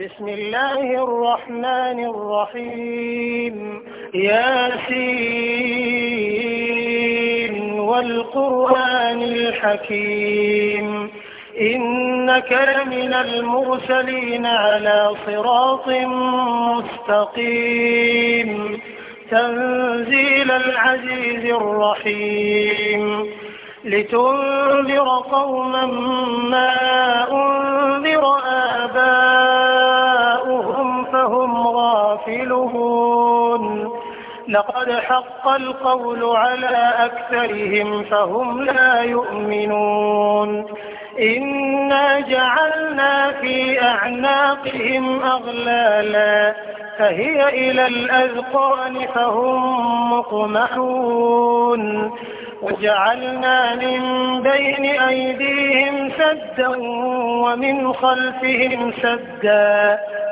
بسم الله الرحمن الرحيم ياسين والقرآن الحكيم إنك لمن المرسلين على صراط مستقيم تنزيل العزيز الرحيم لتنذر قوما ما أنذر آباؤهم لقد حق القول على أكثرهم فهم لا يؤمنون إنا جعلنا في أعناقهم أغلالا فهي إلى الأذقان فهم مقمحون وجعلنا من بين أيديهم سدا ومن خلفهم سدا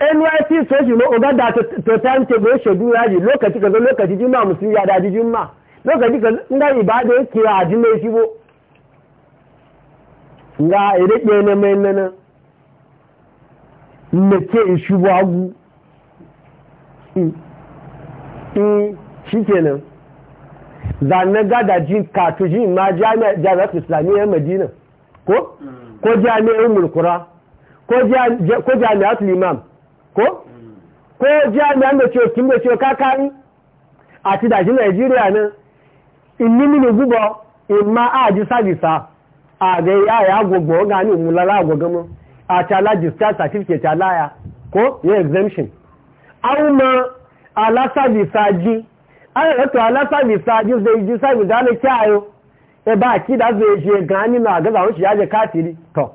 nyc soshi ma oga da to timetable shedu ya ji lokaci kaza lokaci juma musulmi ya daji juma lokaci kaza nga ibada ya kira a jima shi bo nga irike na mai nana mace ishi bo agu shi kenan zanen gada ji kato ji ma jami'ar islamiyyar madina ko ko jami'ar mulkura ko jami'ar limam ko ko jami'an da ce kin da ce kakari a ti daji Najeriya nan inni mini gubo imma a ji sabisa a ga ya ya gogo ga ni mu lala gogo mu a ta la discharge certificate ta laya ko ya exemption au ma ala sabisa ji ala rato ala sabisa ji zai iji sabi da ne kyayo e ba ki da zai je gani na ga zawon ya je kafiri to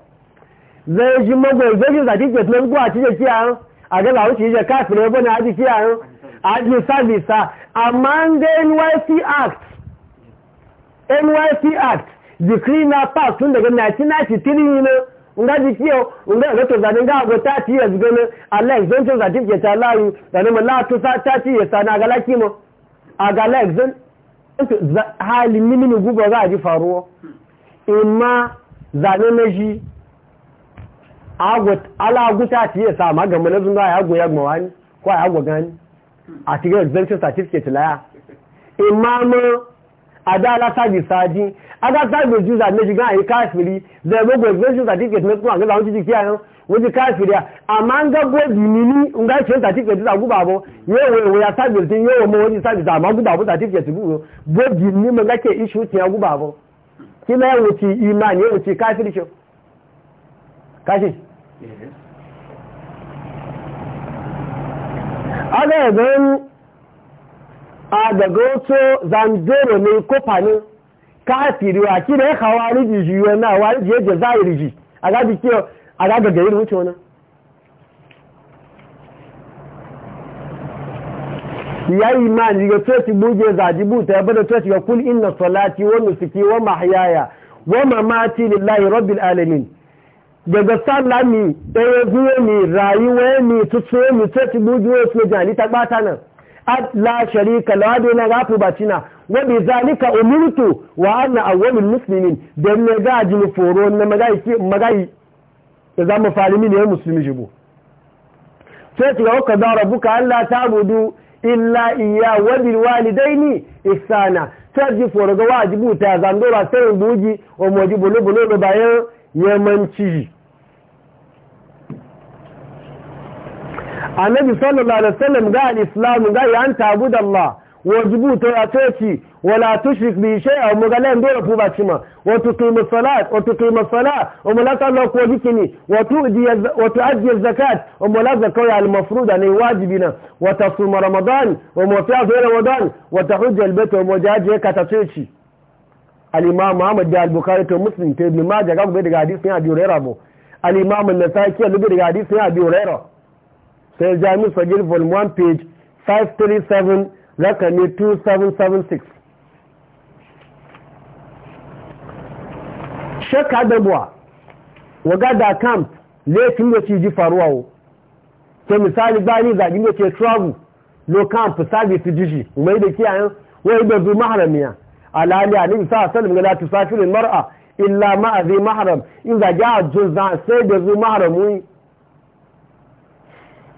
zai ji mago zai ji certificate na gwa ci je kiyayo àgẹ́lá ó ṣe jẹ́ káàkiri ẹgbẹ́ ní àjí kí àrùn àjí a àmá ń dé NYC Act NYC Act decree na pass tún daga 1993 ne nga ji kí nga ga to zane ga go 30 years gane Allah exemption certificate Allah zane mu la to 30 years na ga laki mu a ga la exemption halin mini gubo za a ji faruwa imma zane na shi alaguta ti yi sa magama na zunga ya goya gmawa ne ko ya gwaga ne a cikin exemption certificate laya imamu adala sabi saji aga sabi juza ne jiga yi kafiri da ya gogo exemption certificate na kuma ga zaunci jiki yayin wajen kafiri a amma an ga gobi nini in ga shi certificate da guba bo yau wa ya sabi tin yau mu wajen sabi da ma guba bo certificate gubo gobi ni mun ga ke issue ti ya guba bo kila ya wuce iman ya wuce kafiri shi kashi aga gan a daga wato zandero ne kofanin kafiri wa ki da ya kawo riji na wa riji yadda za a riji a iri kiyo a gaga gari ya yi imani ga coci buge zaji buta ya bada coci ga kul inna salati wa nusuki wa mahyaya wa mamati lillahi rabbil alamin daga sallah mi ɗaya zuwa mi rayuwa mi tutsuwa mi ta ti bujuwa su jani ta ɓata nan la sharika la wade na gafu bacina wa bi zalika umirtu wa ana awwalul muslimin dan ne ga ji mu foro na magai ki magai da zamu falimi ne musulmi jibo sai ki ga ka da rabbuka alla ta'budu illa annabi sallallahu alaihi wasallam ga al-islam ga yan tabuda Allah wajibu to atoci wala tushrik bi shay'a mugalen dole ku ba cima wa tuqimu salat wa tuqimu salat wa mulaka Allah ko dikini wa tu'di wa zakat wa mulaka zakat al-mafruda ne wajibina wa tasum ramadan wa mufiya fi ramadan wa tahujja al-bayt wa mujaji ka tatoci al-imam da al-Bukhari to Muslim to Ibn Majah ga ku daga hadisin Abi Hurairah bo al-imam an-Nasa'i ke daga hadisin Abi Hurairah sai jami'in sagir vol 1 page 537 rakami 2776 shakka buwa waga da camp laifin da ci ji faruwa o ke misali bani zagi da ke travel lo camp service jiji mai da kiyayen wai da zuwa maharamiya ne alim sa salim gada la tusafirin mar'a illa ma'a maharam in zagi a jun sai da zuwa maharamu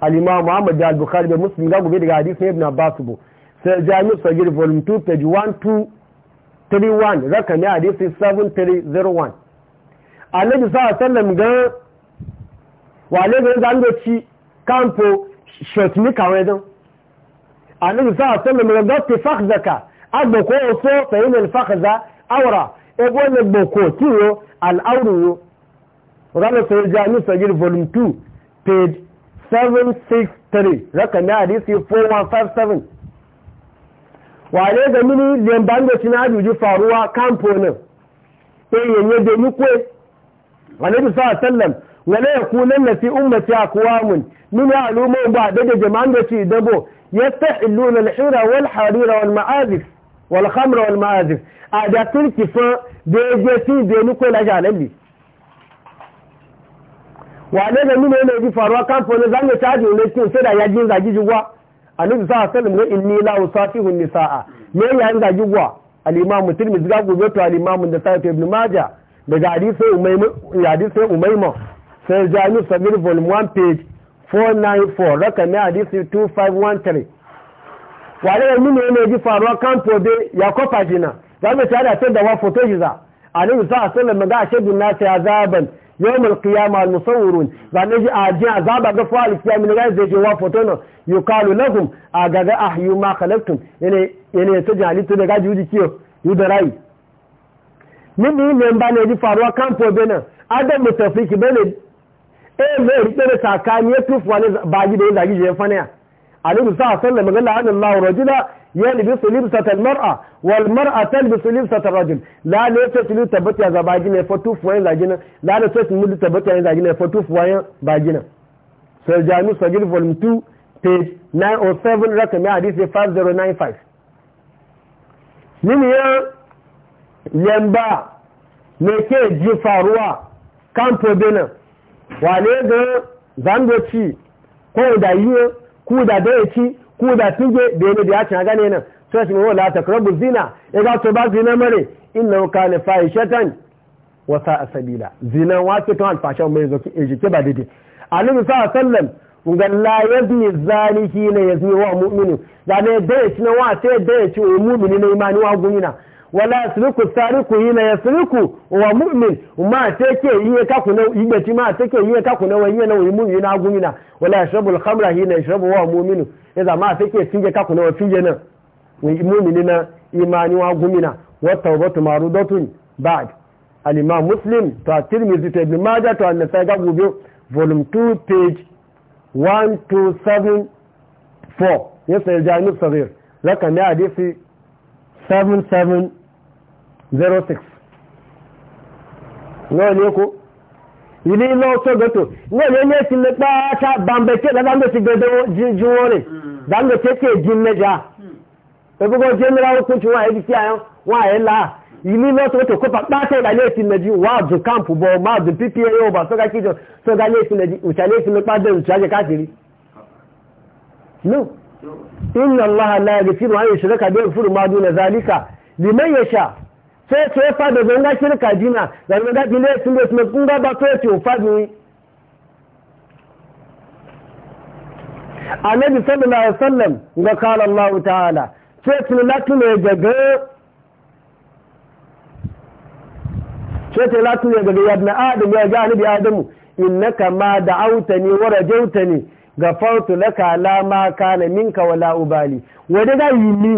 al-imam Muhammad da al-Bukhari da Muslim ga gobe daga hadisi Ibn Abbas bu sai Jami' Sagir volume 2 page 1231 rakami hadisi 7301 Annabi sallallahu alaihi wasallam ga wale ga zango ci kampo shotni kawai don Annabi sallallahu alaihi ga ta fakhzaka agbo ko so fayin al-fakhza awra ebo ne boko tiwo al-awru yo Rana Sayyid volume 2 page 763 rakami hadisi 4157 wane ga mini lemban da cina juji faruwa kamfonin nan ɗaya yadda yi kwe wale bisa a sallam wane ya kunan na fi umarci a mun nuna al'umma ba daga jama'an da shi dabo ya ta illu na al'ira wal harira wal ma'azif wal hamra wal ma'azif a da turki fa da ya je fi da ya nukwe lajalalli wane da nuna yana yi faruwa kamfanin zanga caji wani cikin sai da ya ji zagi a nufi sa sallam ne inni la usafihu nisaa ne ya yi zagi gwa al-imam tirmidhi ga gobe to al-imam da sai ibn maja daga hadisai umaimu sai jami sabir volume 1 page 494 rakami hadisai 2513 wane da nuna yana yi faruwa kamfo ya kofa jina zanga caji ta da wa a nufi sa sallam ga shebin a zaben yawmal kiyama al musawwirun zane ji a jin azaba ga fa al qiyam ga zai je wa foto no yuqalu lahum agaga ahyu ma khalaqtum yana yana ta jali to daga juji kiyo yudarai ni ni ba ne ji faruwa kampo bena adam mutafiki bene e me rike sakani ya tufu wani baji da yin zagi je a alaihi sallallahu alaihi wa sallam ga la'anallahu rajula yalbisu libsata almar'a wal mar'a talbisu libsata arrajul la la taslu tabata ga bagina fa tufu wayan bagina la la taslu tabata ga bagina fa tufu 2 page 907 rakam ya 5095 nini ya yamba me ke ji faruwa kampo bena wale ga zandoci ko da yiwo ku da ci ko da tuge da yana da ya cin gane nan sai shi wala takrabu zina ya ga to ba zina mare inna kana fahishatan wa sa'a asabila zina wa ta kan fasha mai zoki e jike ba dide annabi sallallahu alaihi ga la yazni zani hina yazni wa mu'minu da ne da shi na wa sai da shi mu'mini ne imani wa gumina wala yasriku sariku na yasriku wa mu'min ma take yiye kaku na igbeti ma take yiye kaku na wani na wani mu'min na gumina wala yashrabu al-khamra hina yashrabu wa mu'minu idza ma take finje kaku na finge na wani mu'mini na imani wa gumina wa tawbatu marudatun ba'd al-imam muslim to tirmidhi to ibn majah to an-nasai ga gobe volume 2 page 1274 yasa jami'u sagir rakami hadisi 77 06 ilé iná ọ̀tọ́ gẹ́tò ní ẹni ẹ̀sìn nípa ṣá bàmbẹ̀tẹ́ lábàmbẹ̀tẹ́ gẹ́gẹ́ jú wọ́n rẹ̀ bàmbẹ̀tẹ́ tẹ́ jí mẹ́jà ẹgbẹ́gbẹ́ tí wọ́n àyè sí àyàn wọ́n àyè láà ilé iná ọ̀tọ́ gẹ́tò kópa pátẹ́ wọ́n àdùn sai to ya fada zan ga shirka jina zan ga dile sun da sun kun ba to ce fadi annabi sallallahu alaihi wasallam ga kala Allah ta'ala sai tun latu ne daga sai tun latu ne daga yabna adam ya ga annabi adamu innaka ma da'awtani wa rajawtani gafartu laka la ma kana minka wala ubali wa yi ni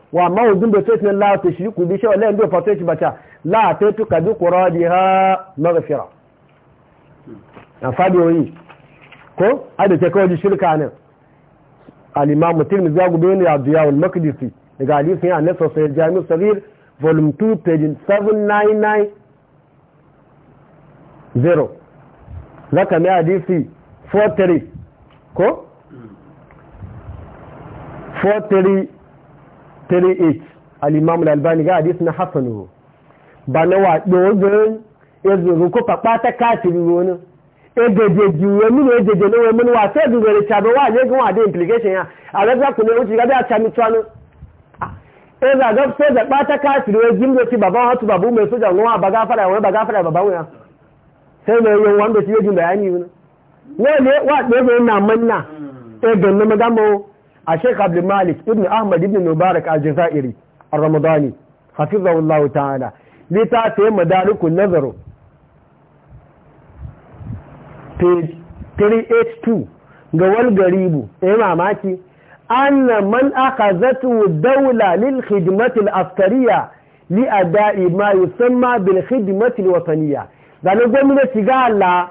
wa mawudin da sai la la'ata shi ku bi shawar layin bai fato yake bata la'ata tu ka kura da ha magafira a fadiyoyi ko a ke kawai ji shirka nan alimamu tirmi za gube ne a al makdisi daga hadisun ya nasa sai jami sabir volume 2 page zaka mai hadisi 43 ko 43 38 al-imam al-albani ga hadis na hasanu ba na wa dogon ezo ko papa ta kafiri wona egejeji wemi na ejeje na wemi na wa se du were chabe wa le gun ade implication ya alaza ko ne wuti ga da chami twanu eza ga se da pata kafiri we jimbo ti baba wa tu babu me soja wa ba ga fara we ba ga fara baba wa sai ne yin wanda ti yejin bayani wona ne ne wa dogon na manna egan na e magamo a Sheikh abdul malik ibn ahmad ibn mubarak al-jazairi al-ramadani Allah ta'ala lita ta yi madarikun nazaro page 382 ga wal garibu eh mamaki anna man akhazatu dawla daula khidmati al askariya li adai ma yusamma bil al wataniya da na gwamnati ga Allah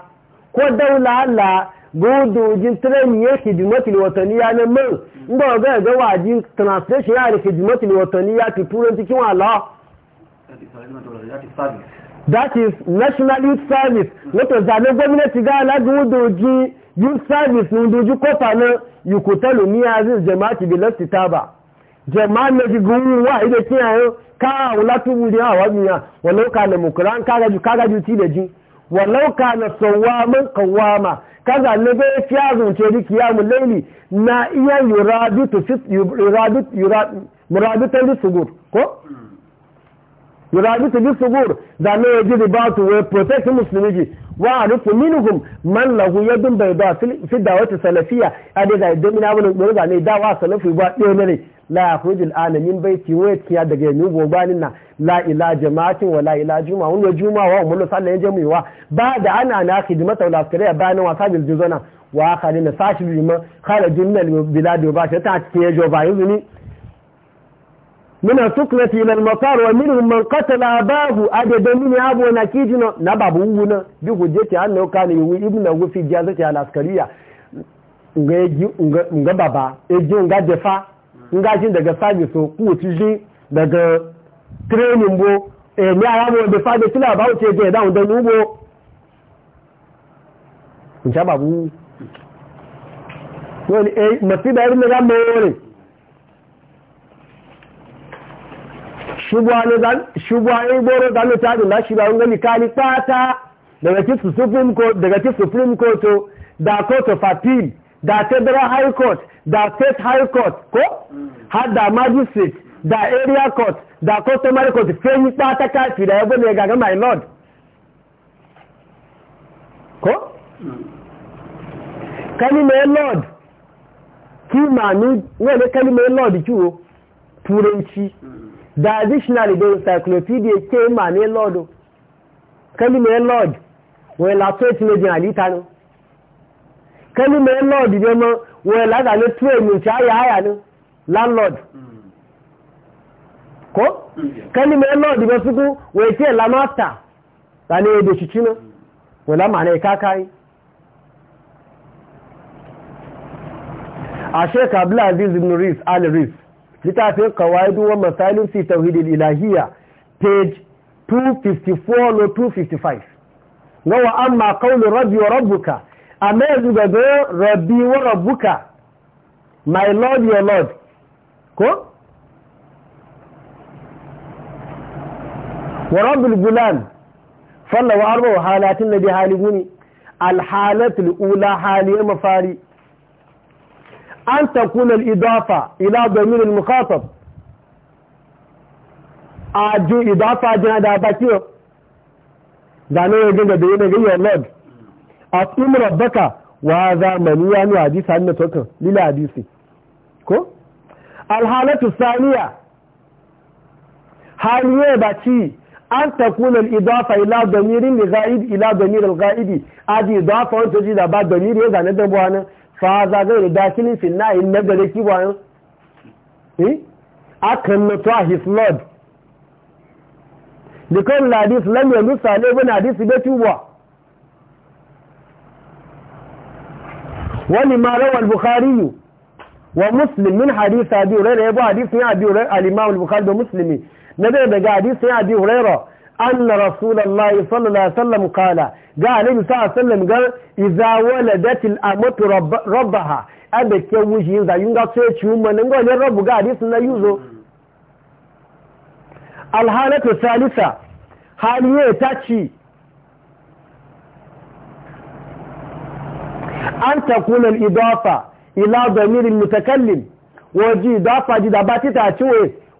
ko dawla Allah godojin treni ya hidimatul wataniya na man inda ga ga waji translation ya hidimatul wataniya ti turanci kin wala that is national youth service wato zane gwamnati ga ala godoji youth service nun doji kofa na yukutalu ni aziz jama'ati bi lasti taba jama'a na jigun wa ida kiyaye ka wula tubu ne a wajen ya walau ka na mukuran kagaju kagaju ti da ji walau na sawaman qawama kaza ne ga fiya zunce diki ya laili na iya yuradu to fit yuradu yuradu muradu ta li sugur ko hmm. yuradu ta li sugur da ne yaji we protect wa alufu minhum man lahu yadun bayda fi dawati salafiyya ade da idan ina mun dole da ne dawa salafi ba dole ne la yakhruju al'ana min baiti wa yatiya daga yanu gobanin na la ila jama'atin wa la ila juma'a wannan juma'a wa mun sallan jami'a ba da ana na khidmatu la askariya bayan wasa bil juzana wa akharin sashi bima kharaju min al bilad wa ba ta ta ce jo من السكنة إلى المطار ومنهم من قتل أباه أجد من أبو نكيجنا نبابونا جوكو جيتي na كان يوي ابنه في جازته العسكرية nga baba eji nga defa nga jin daga service ku ti ji daga training bo e ni ara mo defa de tila ba o ti je down de nubo nja babu woni e masiba irin ga mo shugwa in goro gano ta zula shi ba wani kali fata daga ci supreme court daga ci supreme court da court of appeal da federal high court da state high court ko har da magistrate da area court da customary court fenyi fata kafi da yabo ne gaga my lord ko kalimai lord ki manu wani kalimai lord kiwo turanci da dictionary da encyclopedia ke ma ne lord kalimar lord wai lato ya tilo jin halitta ne kalimar lord ne ma wai lada ne tuwe mai ci haya haya ne landlord hmm. ko kalimar hmm. lord ba su wai ce la master ta ne da shi cinu wala ma ne kakai a shekabu aziz ibn rees al rees littafin kawaidu wa masalin fi tauhidil ilahiyya page 254 no 255 wa amma qawlu rabbi wa rabbuka amma yanzu daga rabbi wa rabbuka my lord your lord ko wa rabbul gulam falla wa arba wa halatin bi haliguni alhalatul halatul ula haliyar mafari an takuna al-idafa ila domin al-mukhatab a ju idafa jina da bakiyo da ne ya gaba da yi daga yau lord a tsumin rabbaka wa zamani ya nuna hadisa na tokan lila hadisi ko alhalatu saniya haliye ba ci an takunan idafa ila domirin da ga'idi ila domirin ga'idi adi idafa wani toji da ba domirin ya zane dabuwa nan fa za zai da dakilin finna in na gare kiwayen eh akan na to his lord Likon ladis lam ya musa ne bin hadis be tuwa wani ma rawal bukhari wa muslim min hadisa abi hurairah ya bu hadith ya abi bukhari da muslimi na daga hadith ya abi hurairah anna rasulullahi sallallahu alaihi wasallam qala ga annabi sallallahu alaihi wasallam ga idza waladat al-amatu rabbaha abe ke wuji da yunga sai ci umma nan gole rabu ga hadisi na yuzo al-halatu thalitha haliye ta ci an takuna al-idafa ila damir al da ba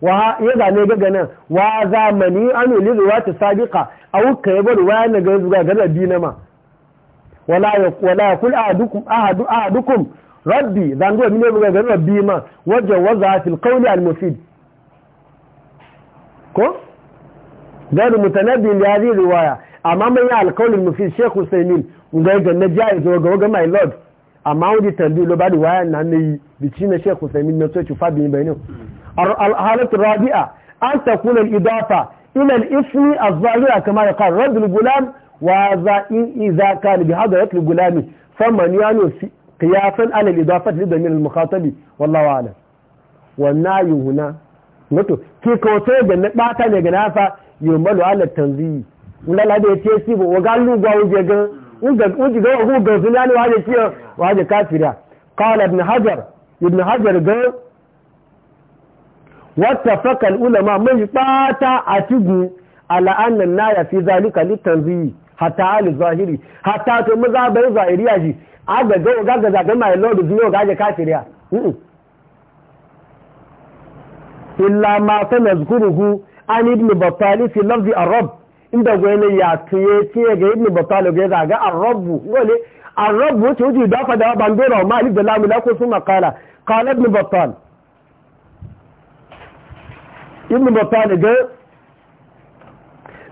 wa ya zane ga ganin wa zamani an yi zuwa ta sabiqa aw ya yaba ruwa na ga zuwa ga bi na ma wala wala kul ahadukum ahadu ahadukum rabbi dan go mine buga ga rabbi ma waje waza fil qawli al mufid ko dan mutanabbi ya hadhihi riwaya amma mai al qawli al mufid shaykh usaymin ga ga jayi zo ga ga my lord amma wudi tambi lo ba riwaya nan ne bi cina shaykh usaymin na so ci fabi bayanin الحالة الرابعة أن تكون الإضافة إلى الاسم الظاهرة كما يقال رد الغلام وهذا إذا كان بهذا يطلق غلامي فمن يعني قياسا على الإضافة لضمير المخاطب والله أعلم والناي هنا wato ke kawace da na bata ne ga nafa yomalu ala tanzihi wala la da ce si bo ga lu ga uje ga uga uji ga uga sunani wa da ciyo wa da kafira qala ibn hajar ibn hajar ga Wata fakal ulama mai fata a tigu ala'annan na ya fi zalika litanzihi hatta al zahiri hatta to za bai a shi aga ga ga ga ga mai lord zuwa ga ga kafiriya illa ma sanazkuruhu an ibn battali fi lafzi arab inda gwani ya tuye tiye ga ibn battali ga zaga robu? gole arab wace wuce dafa da bandora ma alif da lamu la ko su makala qala ibn battali ibn batani ga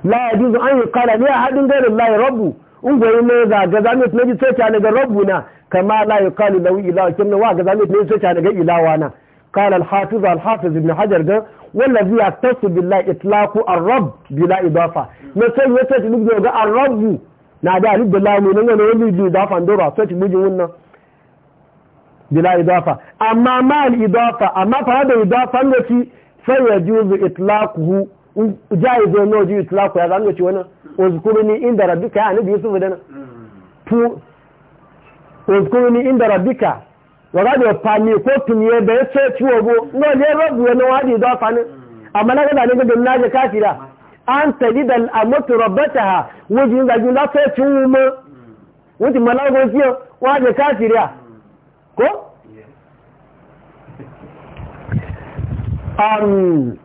la ya juzu an yi kala ne a haɗin garin la ya rabu ungoyi ne ga gazamit na jiso ta ne ga rabu na kama la ya kalu lawi ilawa kim ne wa gazamit na jiso ta ga ilawa na kala alhafiz alhafiz ibn hajar ga wala zai tasu bi la itlaku arab bi la idafa na sai ya tasu duk ga arab na da alif da lamu ne ne wani bi idafa ndora so ci mijin wannan bi la idafa amma ma al amma fa da idafa ne ci fayyajuzu itlaquhu jaizo no ju itlaqu ya zan ci wannan uzkuruni inda rabbika ya nabi yusuf dana tu uzkuruni inda rabbika wa gadi fani ko tuniye da yace ciwo go no ne rabu wani wadi da fani amma na gada na ga kafira an tajida al'amatu rabbataha wajin da la sai ciwo mu wajin malago kiyo wadi kafira ko an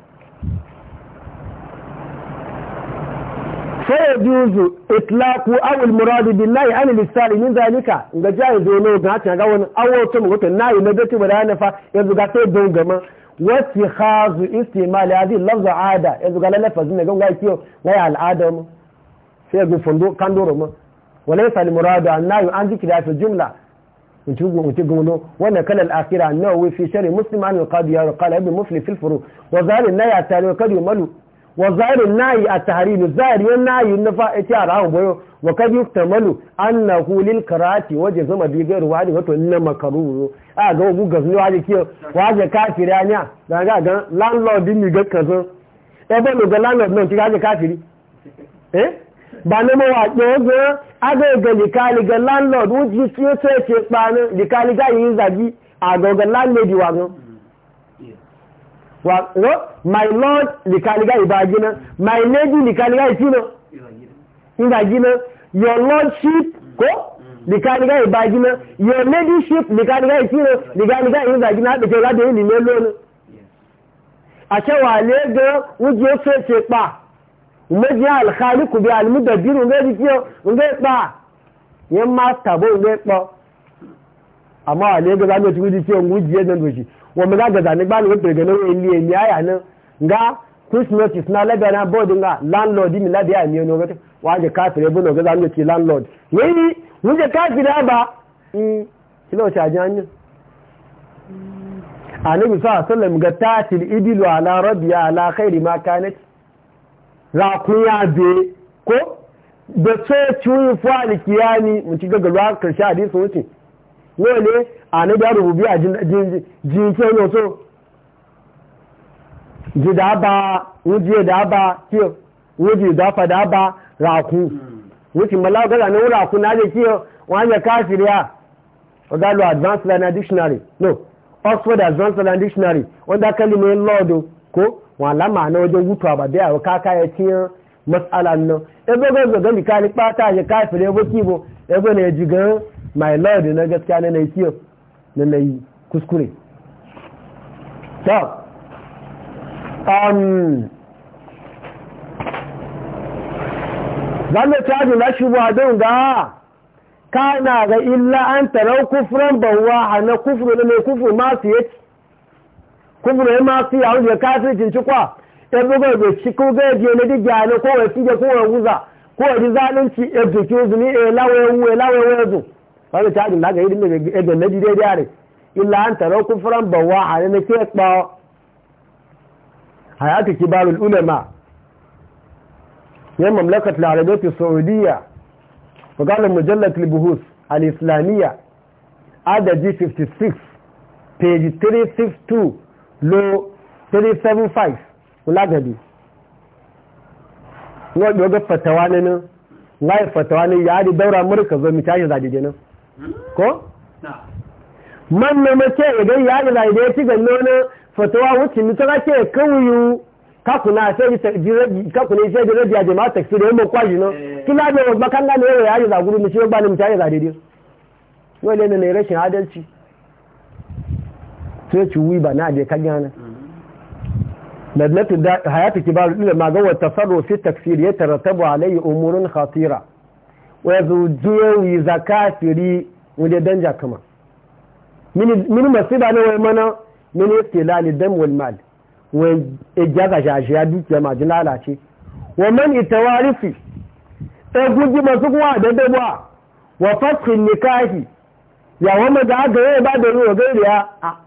sai juzu itlaqu aw al murad billahi an al min zalika ga jayi zo ga ta ga wani awoto mu goto nayi na dati bada fa yanzu ga sai don gama wati khazu istimal hadi lafz ada yanzu ga lafazin ga ga kiyo ga al adam sai ga fondo kandoro mu walaysa al murad an nayi an zikra fi jumla wannan kalar akira nan wifi shari musulman ne kadu ya rukala ibi mufli filfuru wa zarin na yi a tare wa kadu malu wa zarin na yi a tare ne zarin yi na yi nufa ita a rahun bayo wa kadu ta malu an na hulil waje zama bigar wani wato na makaru a ga wugu ga zuwa ne kiyo kafiri anya da ga ga landlord ne ga ga landlord nan ki ga kafiri eh ba ne mawa ɗaya agogo likaliga landlord wuji fi o to ce panu likaliga yi zagi agogo landlady wa gan wa no my lord likaliga ibaji na my lady likaliga iti na ibaji na your lordship ko likaliga ibaji na your ladyship likaliga iti na likaliga yi zagi na bete ga de ni lelo na a cewa le ga wuji o to ce pa mẹ́jẹ́ alkhaliku bi almudabiru ń gẹ́jì kí o ń gẹ́ pa yẹn máa tàbó ń gẹ́ pọ́ àmọ́ àlẹ́ gẹ́gẹ́ ní òtúrú kí o ń jí ẹ̀dẹ̀ lòjì wọ́n mẹ́gá gẹ̀gà nígbà ní pẹ̀lẹ̀ ní ilé èmi àyà náà nga christmas is na lẹ́gbẹ̀ẹ́ náà bọ́ọ̀dù nga landlord mi lábẹ́ àmì ẹni ọgọ́tẹ́ wàá jẹ káfìrì ẹbùn náà gẹ́gẹ́ ní ti landlord yéyí ń jẹ káfìrì àbá kí ló ṣe àjẹ́ annabi sallallahu alaihi wasallam ga tatil ibilu ala rabbiya ala rakun ya be ko da so ciwon fuwa da kiyani mutu ga gaba karshe hadisi wuce wale a na da rububi a jinke yau so ji da ba wuje da ba kiyo wuje da fa da ba raku hmm. wuce malawa gaza na wura na da kiyo wanda kafiriya ogalo advanced learner dictionary no oxford advanced learner dictionary wanda kalimar lordo ko wọn lámà náà wajen gutu ba da yawa kaka ya ciyar matsalan nan ebe ga ga gani kani kpata ya kafin ebe kibo ebe ne ji ga my lord na gaskiya na nai kiyo na nai kuskure ta um zame caji na shi ba don ga kana ga illa an tarau kufran bawa na kufru na mai kufru masu yake kúbùrù ẹ máa fi àwọn ìyẹn káfíìtì chukwa ẹgbẹ́gbẹ́ ìgbè chikú gẹ́ẹ̀dì ẹlẹ́dí gàánú kó wẹ̀ fíjẹ kó wẹ̀ wúzà kó wẹ̀ dízá ló ń ti ebù kí ó ní ẹláwọ̀ ewu ẹláwọ̀ ewu ẹ̀dùn wọ́n ti pa hayati mamlakat 56 page 362 lo 375 lagadi wọ́n yóò gẹ́ fatawa nínú láì fatawa ní yàá di daura murka zo mita shi zadide nan ko? man na mace idan yàá di zadide ya ci gallo na fatawa wuce mitara ke kawuyu kakuna sai da rabiya jama'a taksi da yamma kwaji nan eh. kila da wasu bakan gane yau yàá di zaguru mace yau ba ni mita shi zadide wale na rashin adalci sai ci ba na je kan yana ladnatu hayatu kibaru ilal ma gawa tasarru fi taksir yatarattabu khatira wa mana e dukiya ma ji lalace wa man itawarifi e guji masu da dabuwa wa nikahi da aka yi ba da ruwa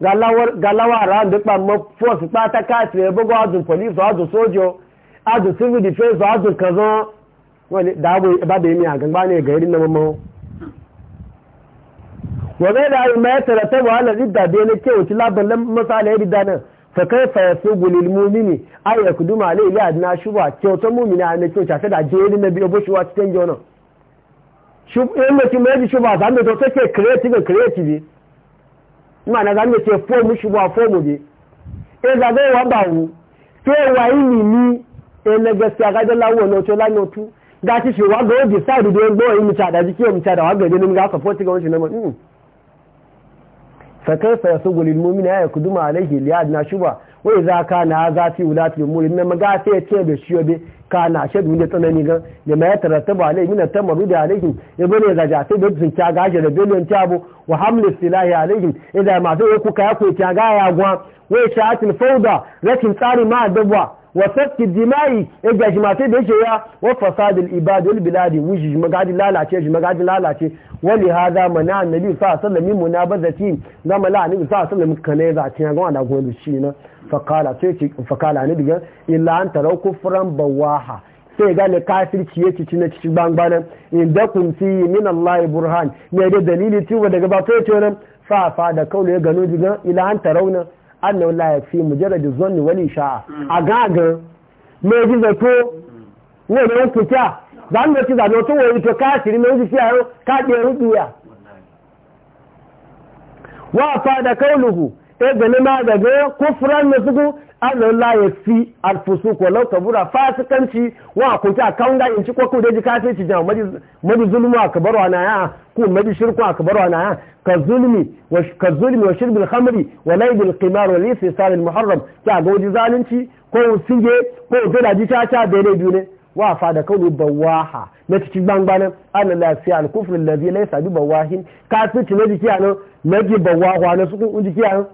galawa ara ndị kpa mma fọs kpata kaatiri ebogo azụ polisi azụ sojo azụ civil defense azụ kazo wani da a ga na mamawo wani da ayi mai tara ta wahala idda da na ke wuce labarin masala ya rida nan fa kai fa gulil mumini ay alai adna ne kyau ta da je irin na biyo bo shuwa cikin jona shubha in mutum ya ji shubha zan da to take mana za e mu ce fomu shi ba fomu ne e za zai e wa ba wu fe wa yi ni e na gaskiya ga da lawo no to lawo tu ga shi wa ga sa decide e da go yi mu ta da jike mu ta da wa ga ne mu ga support ga wannan mun mm. fa kaifa yasugu lil mu'mina ya kuduma alaihi na shuba wa idza kana za fi ulati umuri ma ga sai ce da shi yobe kana a shaɗu da tsanani ga da ma ya ba alai min tamaru da alaihim ya bane da ja sai da sun ta gashi da ta bu wa hamlu silahi alaihim ya masu sai kuka ya kuwa ta ga ya gwa wa atin fauda rakin tsari ma dabwa wa sakki jima'i ya gashi masu da yake ya wa fasadil ibad biladi wuji magadi lalace shi magadi lalace za ma mana annabi sallallahu alaihi wasallam munabazati gama la annabi sallallahu alaihi wasallam kana ya zaci ga wanda gobe shi na fakala sai ce fakala ne diga illa an tarau kufran bawaha sai ga ne kafirci yake ci na cikin bangbanan inda kun fi min Allah burhan ne da dalili ci wa daga ba sai ce nan fa fa da kaula ya gano diga illa an tarauna annahu la yafi mujarrad zanni wani sha'a a ga ga me ji zato ne ne ku ta dan da ci zato to wai to kafiri ne ji ciyayo ka ke rubiya wa fa da kauluhu ebele ma gaga kufran na suku Allah ya fi alfusu ko lau kabura fasikanci wa ku ta kaunga in ci ko ku daji kace ci jama madi zulmu akbar wa naya ku madi shirku akbar wa naya ka zulmi wa ka zulmi wa shirb al khamri wa layb al qimar wa sal al muharram ta ga waje zalunci ko singe ko to da ji ta ta da ne dune wa fa da kaulu bawaha na cikin gbangbanin la fi al kufr alladhi laysa bi bawahin kafici na jiki anan na ji bawaha na suku jiki anan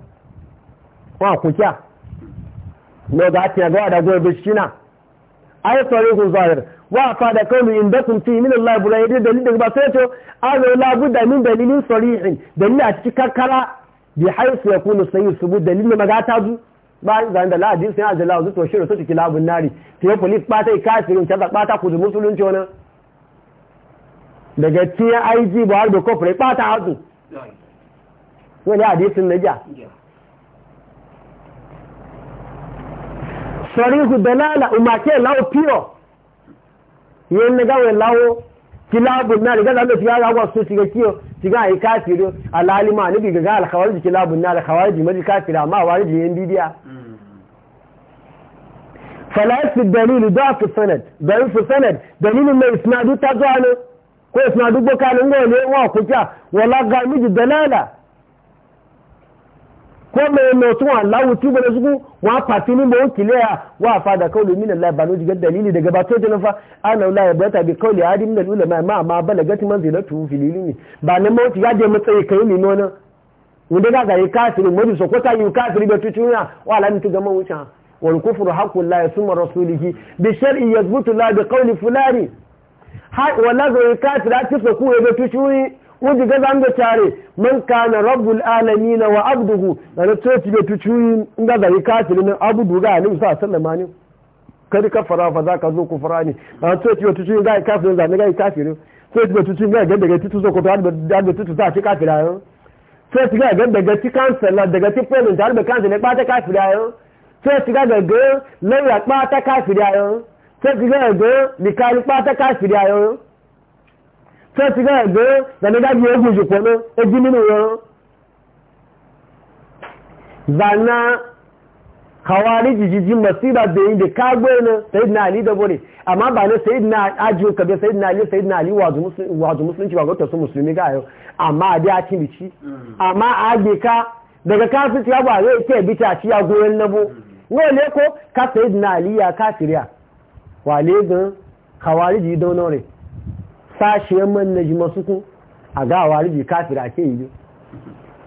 wọn àkúkíà lọ́gá àti ẹgbẹ́ àdágọ́ ẹgbẹ́ ṣínà ayẹ́sọ̀rọ̀ ìhùn zọ̀rẹ̀ wọ́n àfàdà kọlu ìndẹ́kùn tí ìmìnà láìbùrọ̀ èdè dalí daga basẹ́tò arọ̀ lábúdà ní dalilin sọ̀rí ìhìn dalilin àti kíkàkàrà bí haifu ya kúnu sayi ṣubú dalilin magata zu bayan zan da ladin sai ajala zu to shirin suke labun nari tiyo polis pata kafirin ta pata kudu musulunci wani daga tiyan ig buhari da kofirai pata hazu wani hadisin na ja sọ̀ríhù dalala umarke lawo, píọ̀ yẹn na gáwẹ̀ láwọ́ kilabu na riga da fi ga su shiga kiyo shiga ai kafiru alalima ni ga ga alkhawarij kilabu na alkhawarij maji kafira ma warij yan bidiya فلا في الدليل ضعف السند ضعف السند دليل ta يسنادو تزانو ko يسنادو بوكالو ngole wa kuja wala ga dalala ko mai motsin Allahu tuba da zugu wa fati ni bon wa fa da kauli min Allah ba nuji dalili daga ba to jin fa ana la ya bata bi kauli hadi min ulama ma ma balagati manzilatu fil ilmi ba nan mawti ya je matsayi kai ni nona wanda ga gari kafiri mu so kota yu kafiri ba tutunya wa lan tu ga mawuta wal kufru wanda ga zan da tare man kana rabbul alamin wa abduhu da na tsoci da tucuyi in ga zai kafirin abudu ga ni sa sallama ne kadi kafara fa za ka zo kufrani da tsoci da tucuyi ga kafirin da ga kafirin tsoci da tucuyi ga daga titu so ko da da titu za ci kafira yo tsoci ga ga daga ti kansala daga ti pelin da ba kansala ba ta kafira yo tsoci ga daga lawyer ba ta kafira yo tsoci ga daga likali ba ta kafira yo tẹ́ẹ̀tì náà gbé dànídájú ogun ìjùpọ̀ náà ejí nínú wọn zana kawari jijiji masira da yin da kagbo na sayid na ali dabo amma ba na sayid na ajiyo kabe sayid na ali sayid na ali wazu musulunci ba gwata su musulmi ga yau amma a biya ci bici amma a agbe ka daga kafin ya ba zai ke bi ta ci ya goyon nabo ne ko ka sayid na ali ya kafiriya wale gan kawari don daunore sashiyar man na ji masu kun a ga wariji kafira ke yi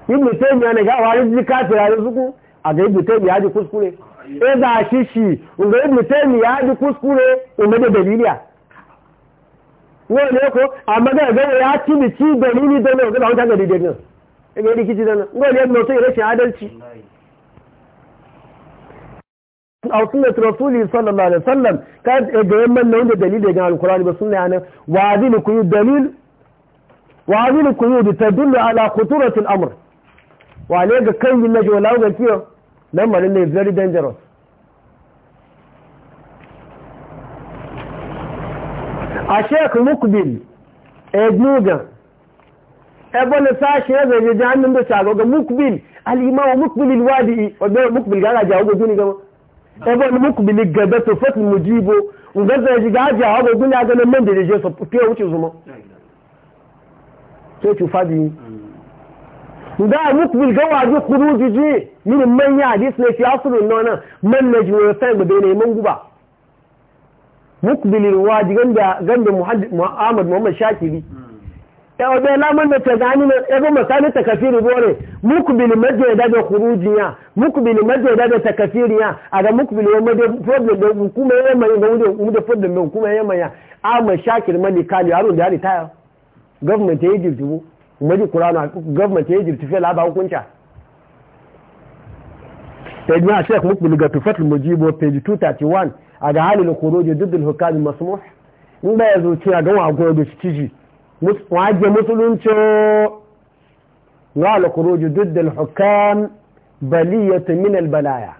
yin mutum ya na ga wariji kafira da suku a ga yin mutum ya ji kuskure e za shi shi ga yin mutum ya ji kuskure umar da daliliya wani ne ko amma ga ya ci da ci dalili don ne ga e da hauta ga dalilin ga rikici da nan ga ne mutum ya rashin adalci aw sunnat rasuli sallallahu alaihi wasallam ka da yamman nan da dalili ga alqur'ani ba sunna yana wazil ku dalil wazil ku bi tadullu ala khuturati al-amr wa ne ga kan yin naji wala ga kiyo nan ne very dangerous Aşek mukbil ebnuga ebole sashi ya zai jami'in da shago mukbil al-imam mukbil al-wadi mukbil ga cevabı jawo ga ebe wani muku bili gaba mu jibo ga zai ji gaji a wago guna ganin man da je so fiye wuce min manya hadis ne fi asrun nona man na man guba muhammad muhammad muhammad lamun da ta gani ẹ̀ọ̀dẹ́ lámọ́dẹ̀ tẹ̀gání ẹgbẹ́ mọ̀sálẹ̀ tẹ̀kẹfìrì bọ́ọ̀rẹ̀ múkùbìlì mẹ́jọ ìdájọ́ kùrújì yá múkùbìlì mẹ́jọ ìdájọ́ tẹ̀kẹfìrì yá àgbà múkùbìlì problem da hukumar yamma da problem fọ́bìlì hukumar yamma yá àmọ̀ shakir mani kali harun da ritaya gwamnati egypt bu madi kurana gwamnati egypt fẹ́ lába hukunta tajmiya sheikh mukbil ga tufatul mujibo page 231 a ga halin khuruj diddul hukami masmuh in ba ya zuciya ga wa da shi waje musulunci na alkuruju duk da hukam baliyatu min albalaya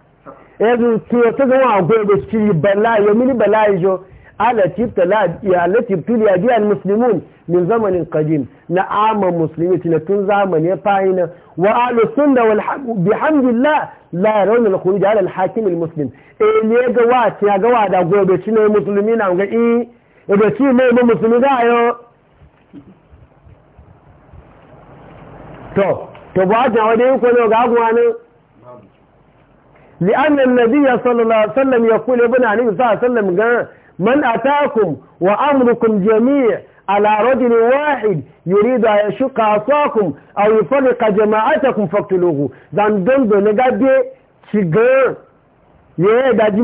yanzu to ta zama akwai da balaya mini balaya jo ala tibtala ya la tibtuli ya biyan muslimun min zamanin qadim na ama muslimi tun zamani ya fahina wa alu sunna wal bihamdillah la yarawna al khuruj ala al hakim al muslim eh ne ga wa ta ga wa da gobe cin musulmi na ga i da e ci mai musulmi ga yo to to ba ta wani yi kwallo ga abuwa ne li annan nabiya sallallahu sallam ya kule bin ali isa sallam ga man atakum wa amrukum jami' ala wahid yurid an yashqa asakum aw yufariq jama'atakum faqtuluhu da jin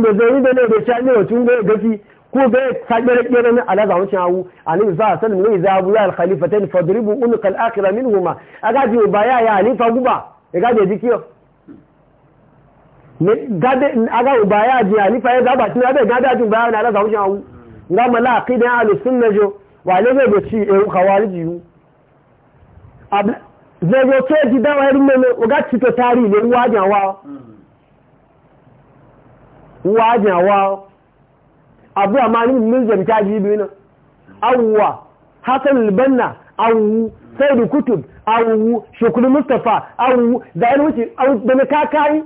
da zai ne da shani tun gafi ko bai ta kere kere na alaza wancan awu alim za san mai za bu ya alkhalifatain fadribu unqa alakhira minhuma aga ji ba ya ya alifa guba aga e je dikiyo ne gade aga ba ya ji alifa ya zaba tin abe gade ajin bayan alaza wancan awu ga mala aqida ahlus sunna jo wa le be ci e khawariji yu abla zai go ce ji da wayar mene uga ci to tarihi ne wajen wa hmm. wajen wa abu a ma nufin min zamta ji biyu nan awuwa hasan albanna awu saidu kutub awu shukuru mustapha awu da yan wuce da na kakayi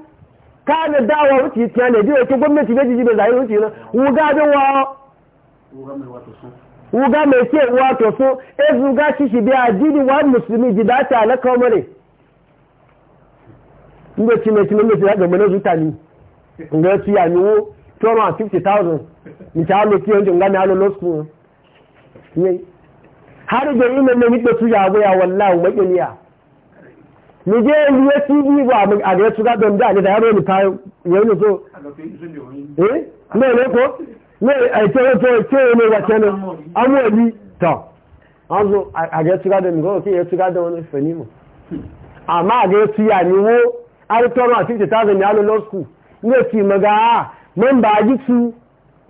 ka da dawa wuce ta ne jiya ta gwamnati na jiji da zahiri wuce nan wuga bin wa wuga mai ce wato so e zuga shi shi biya jini wa musulmi ji da ta na kawmare inda ci mai ci mai ya gama na zuta ni inda ya ci ya two hundred and fifty thousand nìkẹ́ á lo kí oúnjẹ ńlá mi á lo lọ sùn yé har da yi mai nike su ya goya wallahu makiliya ni je yi ya ci bi ba a ga su ga don da ne da ni ta yau ne so eh ne ne ko ne a ce wato ce ne wace ne amuri ta an zo a ga su ya su ga don wani fani mu amma a mẹ́mbà ajísú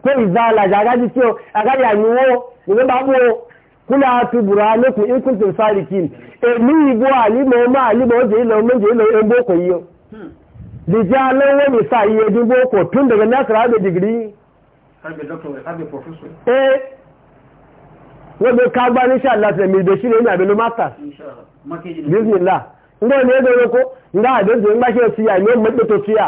kó ìzáàlàjà agájí tí ó agájí àníwó ìgbẹ́mbà pọ̀ kúlẹ̀ àti bùrọ̀ alẹ́kùn ìkùntù sáàrìkìn èmi ìbò àlímọ̀ ọmọ àlímọ̀ oúnjẹ ìlọ méje ìlọ egbó kò yíó lìjẹ́ alẹ́wọ́ ní sáàyí ẹdínwó kò tún dẹ̀gẹ̀ mẹ́sàrà àgbẹ̀ dìgírí wọ́n sílẹ̀ ní àbẹ̀lú bísmìlá ń ní ń gbá ń gbáṣẹ́ sí àìmọ́ sí à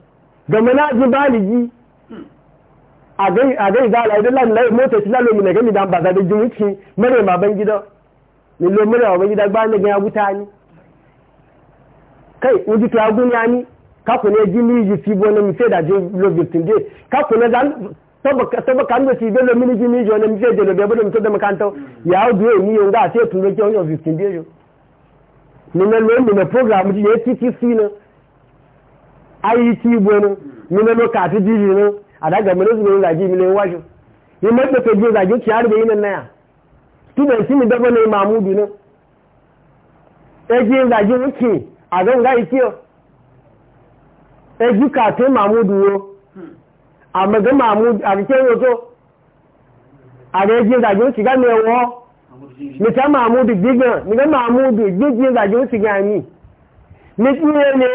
ga manaji baligi a gai zala idan lalai mota shi lalai mina gami da ambasa da jimuci mare ma ban gida milo mare ma ban gida ba na gaya wuta ni kai uji to agun ya ni kaku ne jini ji fi bo na mi fe da je lo victim de kaku ne dan saba kan da ci de lo mini jini jo na mi fe de lo be bo mi to da makanto ya o duwe ni yo ga se tun lo je on yo victim de yo ni na lo ni na program ji ye ti ti fi na ayi ti bono mine lo ka ti diri no adaga mine zuwa la ji mine wajo ni me to ke la ji ti arbe ina na ya ti be ti mi da bono mamudu no e ji la ji wuki aga nga iki o e ji ka te mamudu yo amaga mamudu aga ke yo to aga e ji la ji wuki ga me wo mi ta mamudu gigan mi ga mamudu gigi la ji wuki ga ni ni ti ne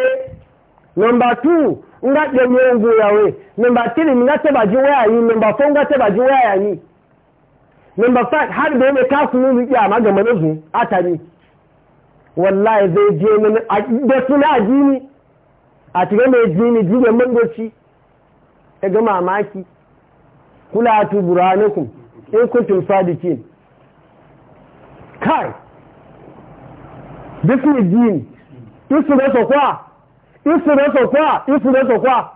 nọmba tu nga kpenye ngu we. nọmba tiri nga taba ji waya yi nọmba fo nga taba ji waya yi nọmba five har da yame kasu nunu iya ma gama na zu atari wallahi zai je na da suna ajini a tiga mai jini jiya e mangoci ya ga mamaki kula tu burhanakum in kuntum sadiqin kai bismi jini isu da kwa? isire sokwa a.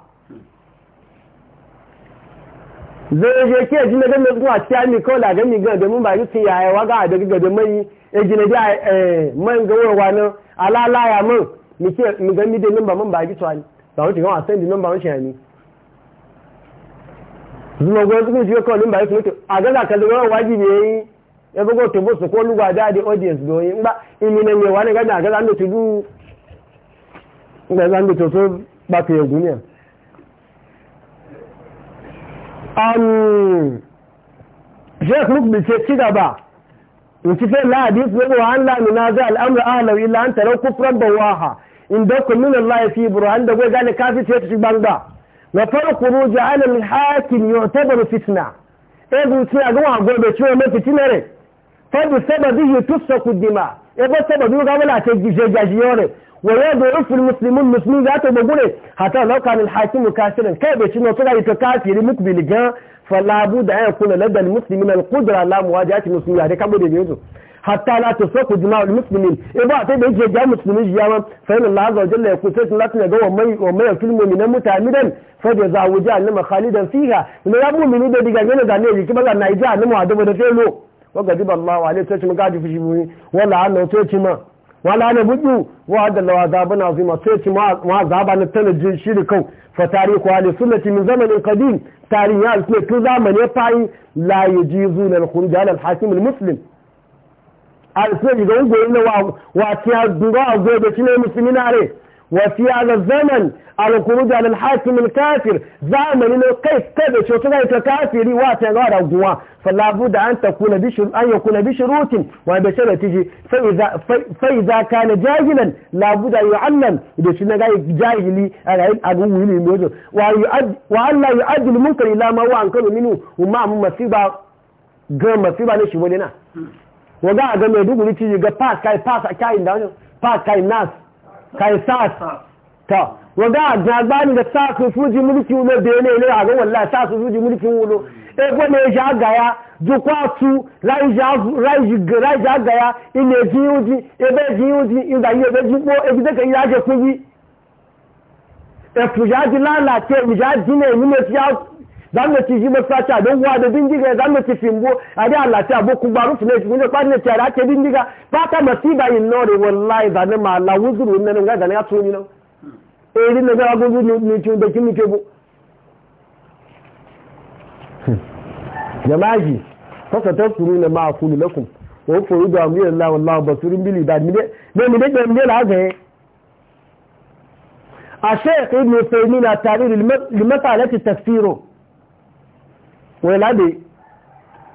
zai je ke eji ga mai kuma ciya ni ko la ga mi ga da mun ba yusin yaya wa ga da ga da mai e da eh man ga wa ya mun mi ke mi ga mi da ba mun ba gi tsani ba wuce kan di nan ba mun shani zuma go zuku ji ko ba to a ga da ka da wajibi yayi e bugo to bo su ko luwa da di audience do yi ba ne ga da ga nígbà ìgbà níbi tó pàtẹ ẹ̀gùn ní à sheik mukbi ce ci gaba in ci fai lahadi su yabo an lami na zai al'amura ahalau illa an tarar kufuran bawaha in da kun nuna Allah fi buru an da gwai gane kafin ce ci banga na farko ruji alal hakim yau tabar fitna ɗaya zuciya ga wa wa ya da rufin musulmin musulmi za ta da gure hata laukan alhakimu kafirin kai bai cin wasu ta kafiri muku bilgan falabu da ya kula ladal musulmin alkudura lamuwa da ya ci musulmi a dai kabo da biyu hatta la tusaku jima'ul muslimin in ba sai da yake ga musulmi jiyama fa inna Allah azza wa jalla yaqul sai Allah tana ga wa mai wa mai fil mu'minin mutamidan fa da zawu jahannam khalidan fiha ne ya minu da diga ne da ne yake ba na ji annabi wa da felo wa gadiba Allah alaihi sai mu gaji fushi mu wala Allah sai ci ma wala na buɗu wa lawa wa zabana zuma sai ci ma zaba na tanajin shiri kau fa tarihu ne sunnati min zamanin qadim tarihi ahli sunnati tun zamanin fayi la yajizuna al-khunjan al-hakim al-muslim ahli sunnati ga ungo na wa wa tiya duba azo da shi ne musulmi na re Wasiya a da zaman alkuruja da alhakimin kafir zamani ne kai kada ce tunai ta kafiri wata yana da guwa falabu da an takuna bishir an yi kuna bishirutin da shirin tiji fai jahilan labu da yi annan da shi na gaji jahili a ga abin wuli mai wajen wa allah yi adil munkar ilama wa an kano ga masiba ne shi wani na wa ga a ga mai dubu ciji ga kai pa kai sas ta waga ga gbani da sa su fuji mulki wulo da ne ne ga wallahi sa su fuji mulki wulo e ko ne ja ga ya ju kwa su rai ja rai rai ja ga ya ine ji uji e be ji uji in da ye be ji po e ya je fuji e fuja di lala te mi di ne mi ne ti ya zanga ci jibar sacha don wa da bindiga ya ci fimbo a da Allah ta boku ba rufu ne kuma ba ne tare ake bindiga ba ta masiba in nore wallahi da ne ma la wuzuru nan ga da ne ya tuni nan eh din da ga gugu ni tun da kin mike bo jama'i fasa tasuru na ma akulu lakum wa furu da mu yalla wallahi basirin bili da ni ne ne ne ne la ga الشيخ ابن تيمية تعليل لمسألة تفسيره Wai ladi.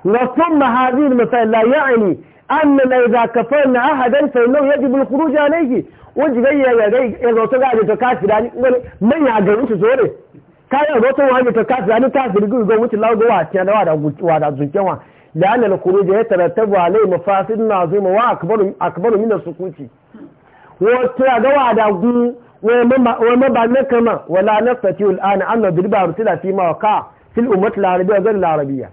Na san muhammad masallayyai ne a mana da kafar na hadar sai nawa ya ɗubi lakuru da alaiki. Wani jirai ya zato za a zubta kashi da a zubta kashi da alaiki. Kai a zubta kashi da alaiki ta firgiru wa a cikin da wadazuken wa. Danial Kuruja ya taratafi wa alai mafafit nazu ma wa akabaru min da su kushi. Wacce a da wadagu wani mabanin kama wala na fita ki Al'adu an na fil ummat al-arabiyya ghayr al-arabiyya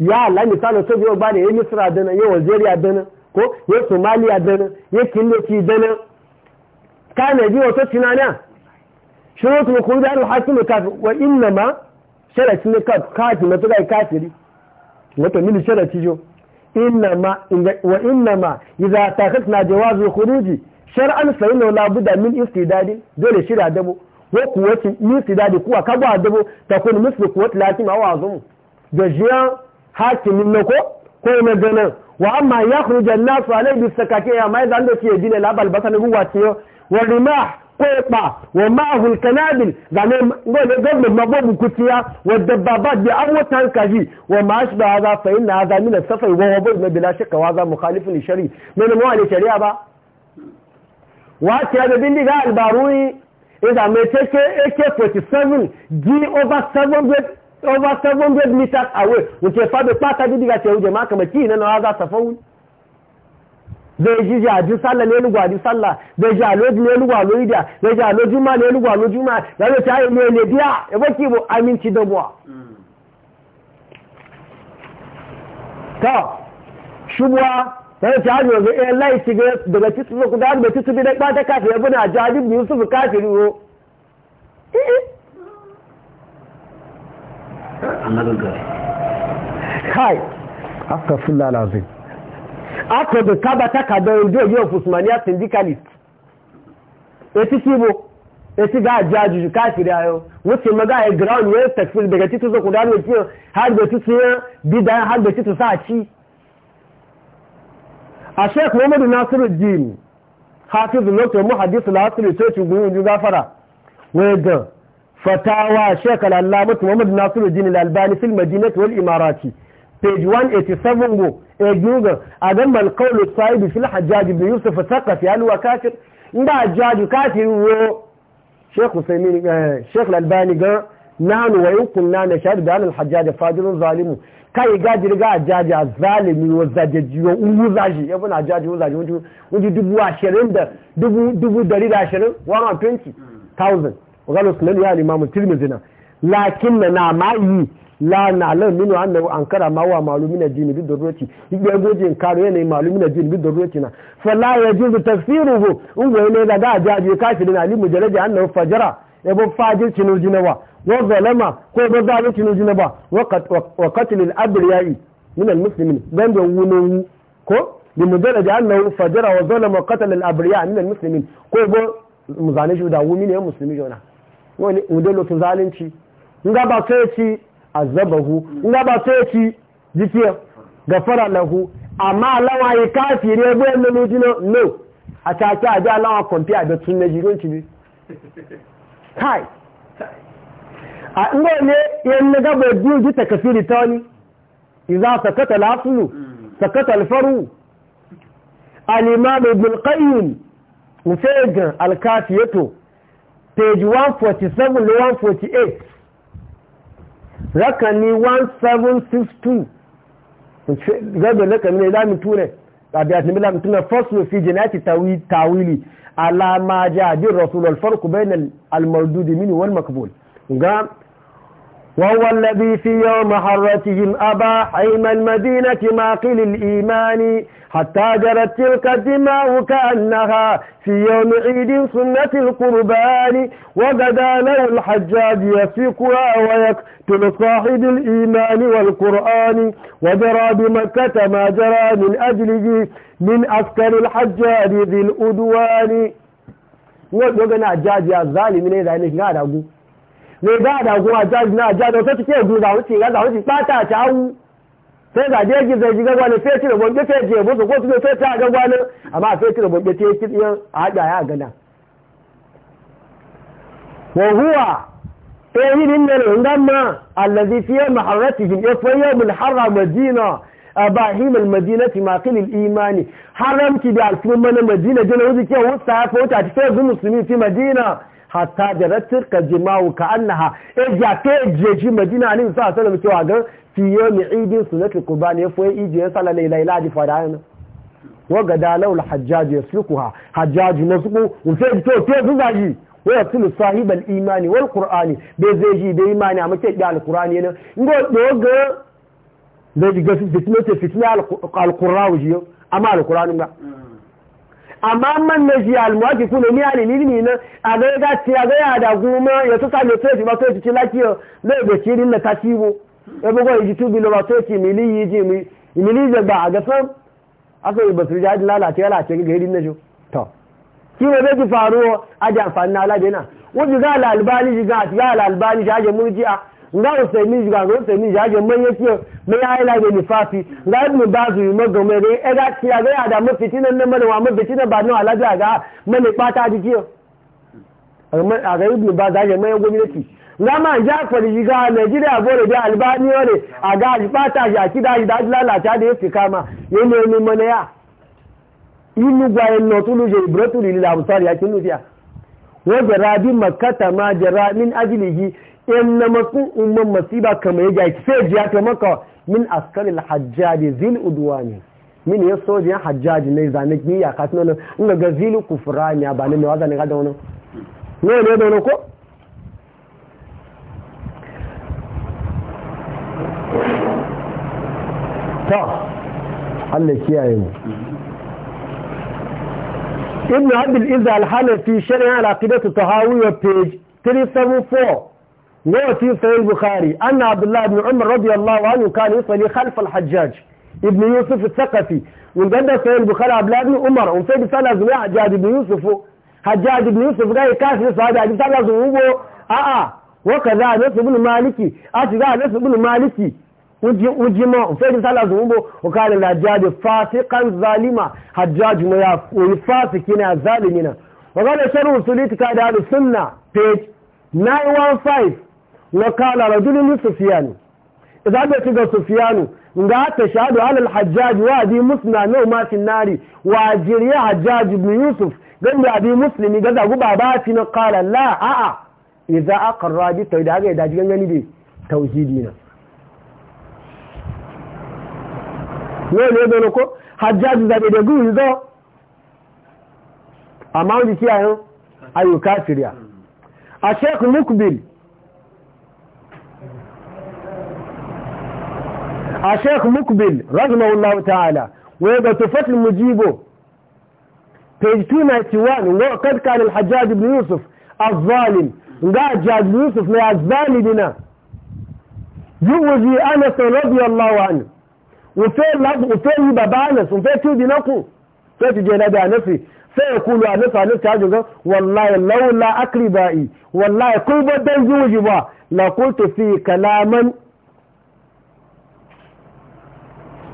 ya la misali to biyo ba da ya misra dana ya algeria dana ko ya somalia dana ya kindoki dana ka ne biyo to tinana shurutul khuruj al-hakim kaf wa inna ma sharati ne kaf kafi na tuga kafiri wato min sharati jo inna ma wa inna ma idza takhasna jawaz al-khuruj shar'an fa inna la budda min istidadin dole shira dabo ko kuwati misida da kuwa kabo adabo ta kun misli kuwati lakin awa azum da jiya hakimin na ko ko na ganin wa amma ya khruja an-nas alai bi sakake ya mai zan da ke dile labal basan ruwa ce wa rimah ko ba wa ma'ahu al-kanabil zane ngole gobe mabobu kutiya wa dabbabat bi awatan kaji wa ma ashba hadha fa inna hadha min as-safai wa huwa bila shakka wa hadha mukhalifun li shari' min mu shari'a ba wa ta da bindiga al-barui ìgbà mẹ́tẹ́kẹ́ ak-47 di over 700 over 700 meters away wuce faɗi ɓata didi ga cewa jama'a kamar ki na nawa za ta fawo zai ji ji aju sallah ne lugwa aju sallah zai ji aloji ne lugwa loida zai ji aloji ma ne lugwa loji ma ya zai ta yi ne ne biya ya baki bu aminci da buwa ta shubuwa sai ta hanyar ga ɗaya eh, lai ci daga titu su kuda da titu bidan ɓata kafin ya buna jadib da yusuf kafin wo eh, eh. kai aka fi lalazin aka da kaba takardar yau yau fusmaniya syndicalist ya ci kibo ya ci ga jajuju kafin yayo wuce maga ground ya tafi daga titu su kuda da kiyo har da titu ya da sa ci a sheik muhammadu nasiru jini hafiz lokacin muhaddisu lasiri sai ci gungun ju gafara wai ga fatawa sheik al'allamatu muhammadu nasiru jini lalbani fil madinati wal imarati page 187 go e guga a gan mal qawlu fil hajjaj yusuf thaqafi al wa kafir inda hajjaj kafir wo sheik usaymin eh, albani ga nanu wa yukunna nashhadu bi anna al-hajjaj fajirun kai gaji riga a jaji a zalimi wa zajajiyo in wuza shi ya buna jaji wuza shi wajen dubu ashirin da dubu dubu dari da ashirin wa 120,000 wakalo sunan ya limamu tirmizi na lakin na na ma'i la na lan minu an nabu an kara mawa malumina jini bi doroti igbe gojin karo yana yi malumina jini bi doroti na fala ya jizu tafsiruhu in goyi ne da da jaji kafin na limu jaraji an nabu fajara yabo fajirci ne jina ba wa zalama ko ba zalunci ne jina ba wa min al muslimin da wuno ko bi wa zalama min al muslimin ko muzane shi da wumi ne muslimi jona wani udelo to zalunci in ga ba sai ci azabahu in ga ba sai ci jifiya gafara lahu amma lawa yi kafire bayan nan jina no a ta ta ji alawa kwamfiya da tun na jirin ci kai a inda ne yan na gaba biyu ji takafiri ta wani iza sakata lafulu mm. sakata alfaru al-imam ibn al-qayyim mufegan al-kafiyato page 147 to 148 rakani 1762 zaɓe rakami ne lamin tunai ɗabi a tunai lamin tunai first fi jinaki tawili ala ma ja bi rasul al farq bain al mardud min wal maqbul ga وهو الذي في يوم حرتهم أبا حيم المدينة ماقل الإيمان حتى جرت تلك الدماء كأنها في يوم عيد سنة القربان وغدا له الحجاج يفكها ويقتل صاحب الإيمان والقرآن وجرى بمكة ما جرى من أجله من أسكر الحجاج ذي الأدوان وغدا حجاج يا الظالمين إذا نشغل mai ba da kuma ajaji na ajaji wata take gudu da wuce ga wuce fata ta hu sai ga da yake zai ga wani feti da bonge sai je musu ko su ne feti a ga wani amma feti da bonge ta yake yin haɗa ya gana wa huwa tayi din ne ngamma allazi fi maharratihim ya fa yawmul haram madina abahim almadinati maqil al-imani haramti da alfumman madina jana wuce ke wusta fa wuta ta fi musulmi fi madina hatta da ratir ka jima'u ka annaha e ja ke jeji madina ne sa mace wa ga fiye yawmi idin sunnatul qurbani ne foyi ije ya sala lai laji fara yana wa gada laul na su ku wuce ufe to te zuzaji wa yaslu sahibal imani wal qur'ani be ji da imani a mace da alkurani ne ngo doga da diga fitna fitna alqur'ani amma alqur'ani ba amma man na ji almuwaji kuna ni ali lilimi na a ga ga ci a ga ya da goma ya to sai to ci ba to ci lakiyo na ga ci din na tasibo e bugo yi tu bi lo ba mili yi mili da ba ga san aka yi basu ja din lalace lalace ga irin na jo faru a da amfani na aladena wani ga al albani ga ga al albani nga usaimin ba ga usaimin ya ga manye ki mai ya ila da nifafi nga ibn bazu yimo ga mai e ga ki ga ya da mafitina nan mana wa mafitina ba nan alaja ga mane pata ji ki a ga ibn bazu ya mai gwamnati nga ma ja fari yi ga Nigeria bore da Albani ore a ga ji pata ji aki da ji da lalata da yake kama yene ne mana ya inu gwa en no tulu je ibratu lil amsar ya kinu dia wa إنما أمم مصيبة كما يجي سجيات مكة من أسكال الحجاج ذي الأدوان من يسوج حجاج نيزانك مي يقاتنا إنه غزيل كفران يا بني نوازا نغادونا نوازا نغادونا كو تا الله كيائم ابن عبد الإذا الحالة في شرع العقيدة التهاوية page 374 وفي صحيح البخاري أن عبد الله بن عمر رضي الله عنه كان يصلي خلف الحجاج ابن يوسف الثقفي وقد صحيح البخاري عبد الله بن عمر وفي بسنة زميع حجاج بن يوسف حجاج بن يوسف قال كافر صحابي حجاج بن يوسف آآ وكذا نفس ابن مالكي أتقى نفس ابن مالكي ujima ufedi sala zumbo ukale la jadi fasiqan zalima hajjaj mu ya fasiki na zalimina wakala sharu usuliti kada al sunna page 915 وقال رجل لسفيان إذا بيتك سفيان ga ta shahadu alal hajjaji wa abi musna nau ma nari wa jiriya hajjaji ibn yusuf gan da abi muslimi ga zagu baba ci na kala la a a idza aqarra bi tawhid aga da daji gangani bi tauhidi na ne ne da ko hajjaji da da gu zo amma wani ayo ayu kafiriya a sheikh mukbil a sheikh mukbil rahimahullahu ta'ala wai ga tufat mujibo page 291 ga kad kan al-hajjaj ibn yusuf az-zalim ga hajjaj yusuf ne az-zalimina yuwaji anas radiyallahu anhu وفي لب وفي بابانس وفي تودي نكو تودي جنابي نفسي فيقول أنس أنس هذا والله لولا أقربائي والله كل بدن زوجي با لقلت في كلاما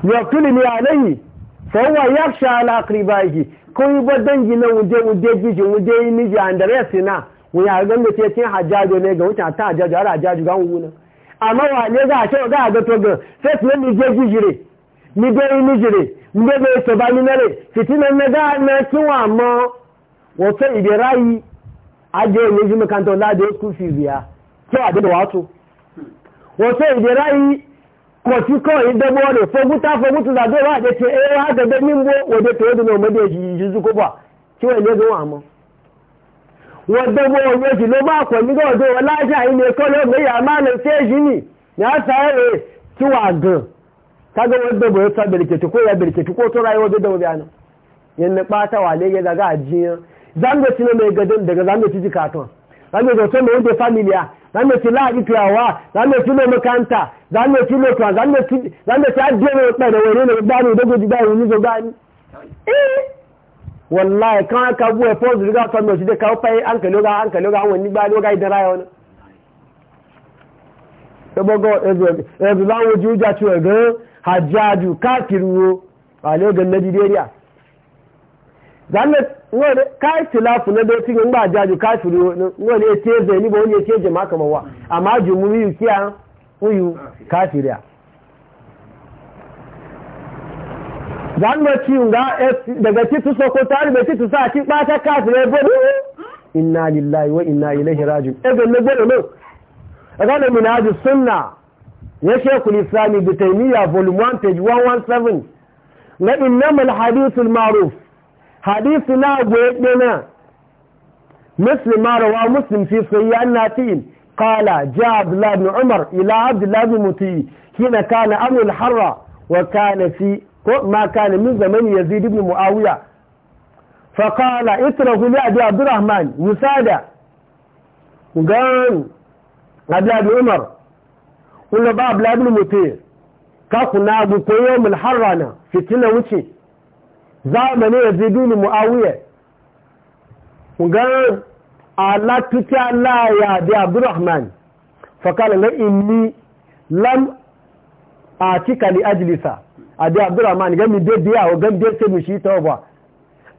yaktulni alayhi fa huwa yakhsha ala aqribaihi ko ba dangi na wuje wuje biji wuje ni ji andare sina mu ya ga mutum hajjajo ne ga wuta ta hajjajo har hajjajo ga wuna amma wa ne ga shi ga ga to ga ni je ni be ni jire ni be ba ni na ga na kiwa mo wo fe aje ni ji la de school fees ya so ade da wo kwafi kawai idan wani foguta foguta da zai wata ce eh wa da ganin bo wadda ta yadda noma da yi zuku ba kiwa ne zuwa mu wadda bo wani ji lo ba kwa ni ga wadda wala sha yi ne kawai na sai shi ni ya sa eh kiwa gan kaga wadda bo ya sa birkiti ko ya birkiti ko to rayuwa da wani ana za mu ci laɗi tuyawa za mu ci makanta za mu ci lotuwa za mu ci ajiyar mai ɓada wani ne gani da guji gani ni zo gani eh! wallahi kan aka buwa fozu e riga son mai shi da kawo fayi an kalo ga an kalo ga an wani gbali ga idan raya wani sabogo e ezu za e mu ji ciwo ga hajjaju kakiru a legan na nigeria zanne ngode kai tilafu na dai cikin ba jaju kafiri ngode ya ce zai ni ba wani ya ce jama'a kamar wa amma jumuri yukiya uyu kafiriya zanne ci nga daga titu sokoto har bai titu sa ci bata kafire bodu inna lillahi wa inna ilaihi raji'un e ga lagbo no ga na minaju sunna ya shekul islami bi volume 1 page 117 na innamal hadithul ma'ruf حديث لا يتنا مثل ما روى مسلم في صحيح الناتين قال جاء عبد الله بن عمر إلى عبد الله بن متي حين كان أمر الحرة وكان في ما كان من زمن يزيد بن معاوية فقال اتركوا لي أبي عبد الرحمن وسادة وقال عبد الله بن عمر قلنا بقى عبد الله بن متي كاكو نابو كيوم الحرة في فتنة وشي zamani ya zai duni mu'awiyar ganin alatuki Allah ya bi abdurrahman fakala na inni lam a cika li ajilisa a bi abdurrahman gami daidaiya wa gami daidai mu shi ta ba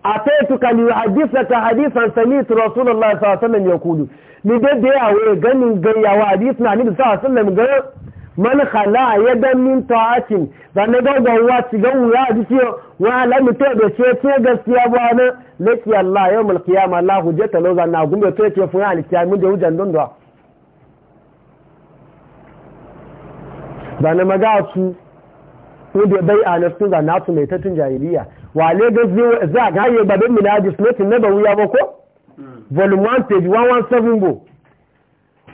a ta yi tuka li hadisa ta hadisan sami su rasulallah sallallahu alaihi wasallam ya kudu ni daidaiya wa gan gayyawa hadis na ni sallallahu alaihi wasallam gani man khala yadan min ta'atin da na gaggawa ci gan wuya ji ce wa lami to da ce ce gaskiya ba na laki Allah yawmul qiyamah Allah hujjata lo na gumbe to ce fun alkiyamin da hujjan don da da na maga su ko da bai a nasu da nasu mai tatun jahiliya wale ga za ga yi babin minajis ne na ba wuya ba ko mm. volume 1 page 117 bo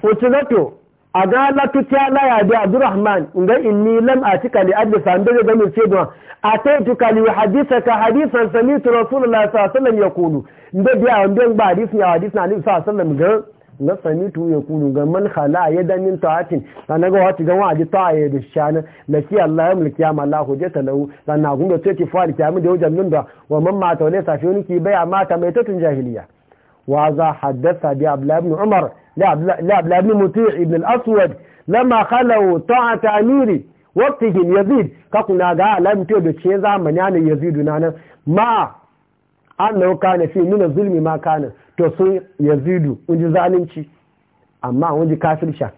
o ci a ga latuta laya da abdurrahman ga inni lam atika li adli sandare ga mun cewa ataituka li hadithaka hadithan samitu rasulullah sallallahu alaihi wasallam yaqulu inda biya wanda ba hadisi ya hadisi na nabi sallallahu alaihi wasallam ga na samitu yaqulu ga man khala yadan min ta'atin ana ga wati ga waji ta'aye da shana la ki allah ya mulki ya mallahu je ta lahu dan na gunga ce ki fa da kiyamu da wajen nan da wa man mata wala safiyon bai amma ta mai tatun jahiliya وهذا حدث بعبد الله بن عمر لا عبد الله بن مطيع بن الأسود لما خلوا طاعة أميري وقتهم يزيد كقنا قال لم تبت شيء من يعني يزيد نانا ما أنه كان في من الظلم ما كان تصير يزيد ونجي ظالمشي أما ونجي كافر شا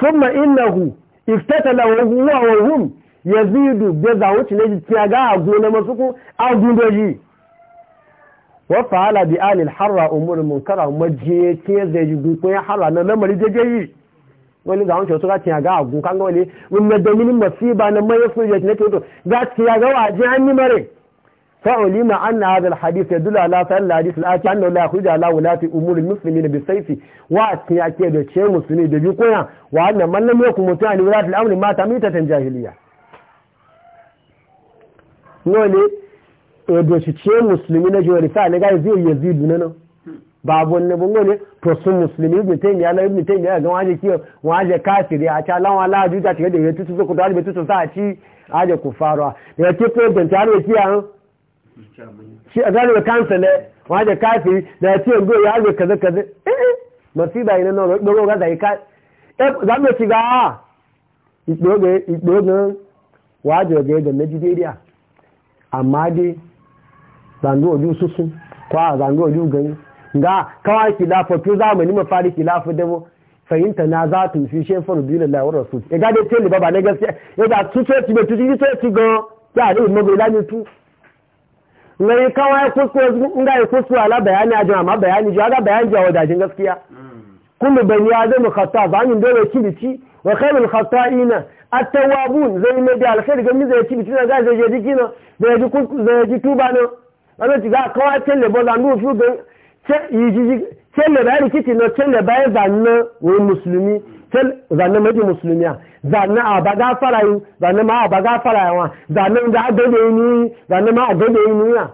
ثم إنه افتتل وهو وهم يزيد بذا وتنجي تياغا أغونا مسوكو أغونا جي wa fa'ala bi alil harra umurul munkara maje ke zai ji gun kun harra na lamari jeje yi wani ga wancan suka tiya ga agun kan ga wani mun na domin masiba na mai yasu ya tinake to ga tiya ga waje an ni mare fa ulima anna hadha al hadith yadullu ala sahal hadith al ati anna la yakhruju ala ulati umurul muslimin bi sayfi wa tiya ke da ce musulmi da bi koya wa anna man lam yakun mutani ulati al amri ma tamita tan jahiliya wani edochice musulmi na jiwari sa na gaya zai yi zidu na nan babu wani bungo ne to sun musulmi ibn taymiya la ibn taymiya ga waje kiyo waje kafiri a ta lawa la juja ta da yetu su ku dalibe tutu sa ci aje ku farwa ya ke ko dan ta ne kiya a zalwa kansale waje kafiri da ya ce go ya kaza kaza eh, eh masiba ina no dogo ga dai ka eh za ci ga idoge idoge waje ga da Najeriya amma dai zango oju susu kwa zango oju gani ga kawai kilafa tu zamani mafari kilafa mu fahimta na za ta fi shi faru biyu lillahi wa rasul e ga dai tele baba ne gaskiya e da tu so e ti be tu ti so e ti go ya e ni mo go lani tu ngai kawai kusko ngai kusko ala bayani ajin amma bayani ji ga bayani ja wadajin gaskiya kullu bani adam khata ni dole kibici wa khairul khata'ina at-tawwabun zai mai da alkhair ga mi zai kibici na zai je dikino zai ji tuba no wani ti za kawo cele bola ni na cele bayan zanne wani musulmi musulmi a zanne a baga fara yawa zanne da agade yi ni zanne ma agade yi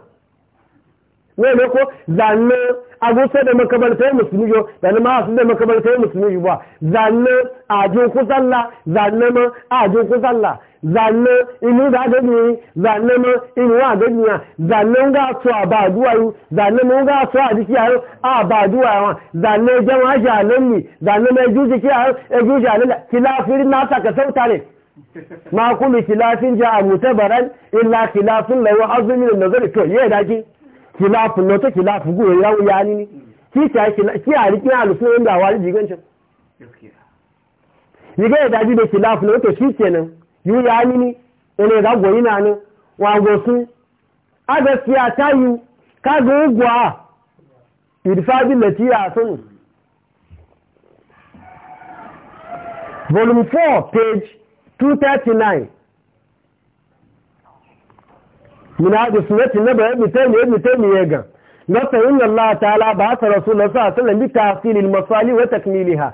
wani ko zanne agusa da makabartar musulmi yo zanne ma su da makabartar musulmi yo ba zanne ajin kusalla sallah zanne ma ajin kusalla sallah zanne inu da da ni zanne ma inu wa da ni zanne ga to aba duwa yo zanne mu ga to a jiki ayo aba duwa wa zanne jama'a jalan ni zanne mai juji ki ayo e juji alala kilafirin na ta ka ne ma kullu kilafin ja'a mutabaran illa kilafin lawa azmin nazari to ye daki khilafin na ta khilafin ya wuya ni ne ki ta a rikin alusun wanda wani jigan can riga ya daji da khilafin na ta shi kenan yi wuya ni gosu a ta yi ka ga 4 muna da sunatun na bayan mutane ya mutane ya ga na sayin Allah ta'ala ba rasu na sa ta lambi ta asilin masali wa ta kimili ha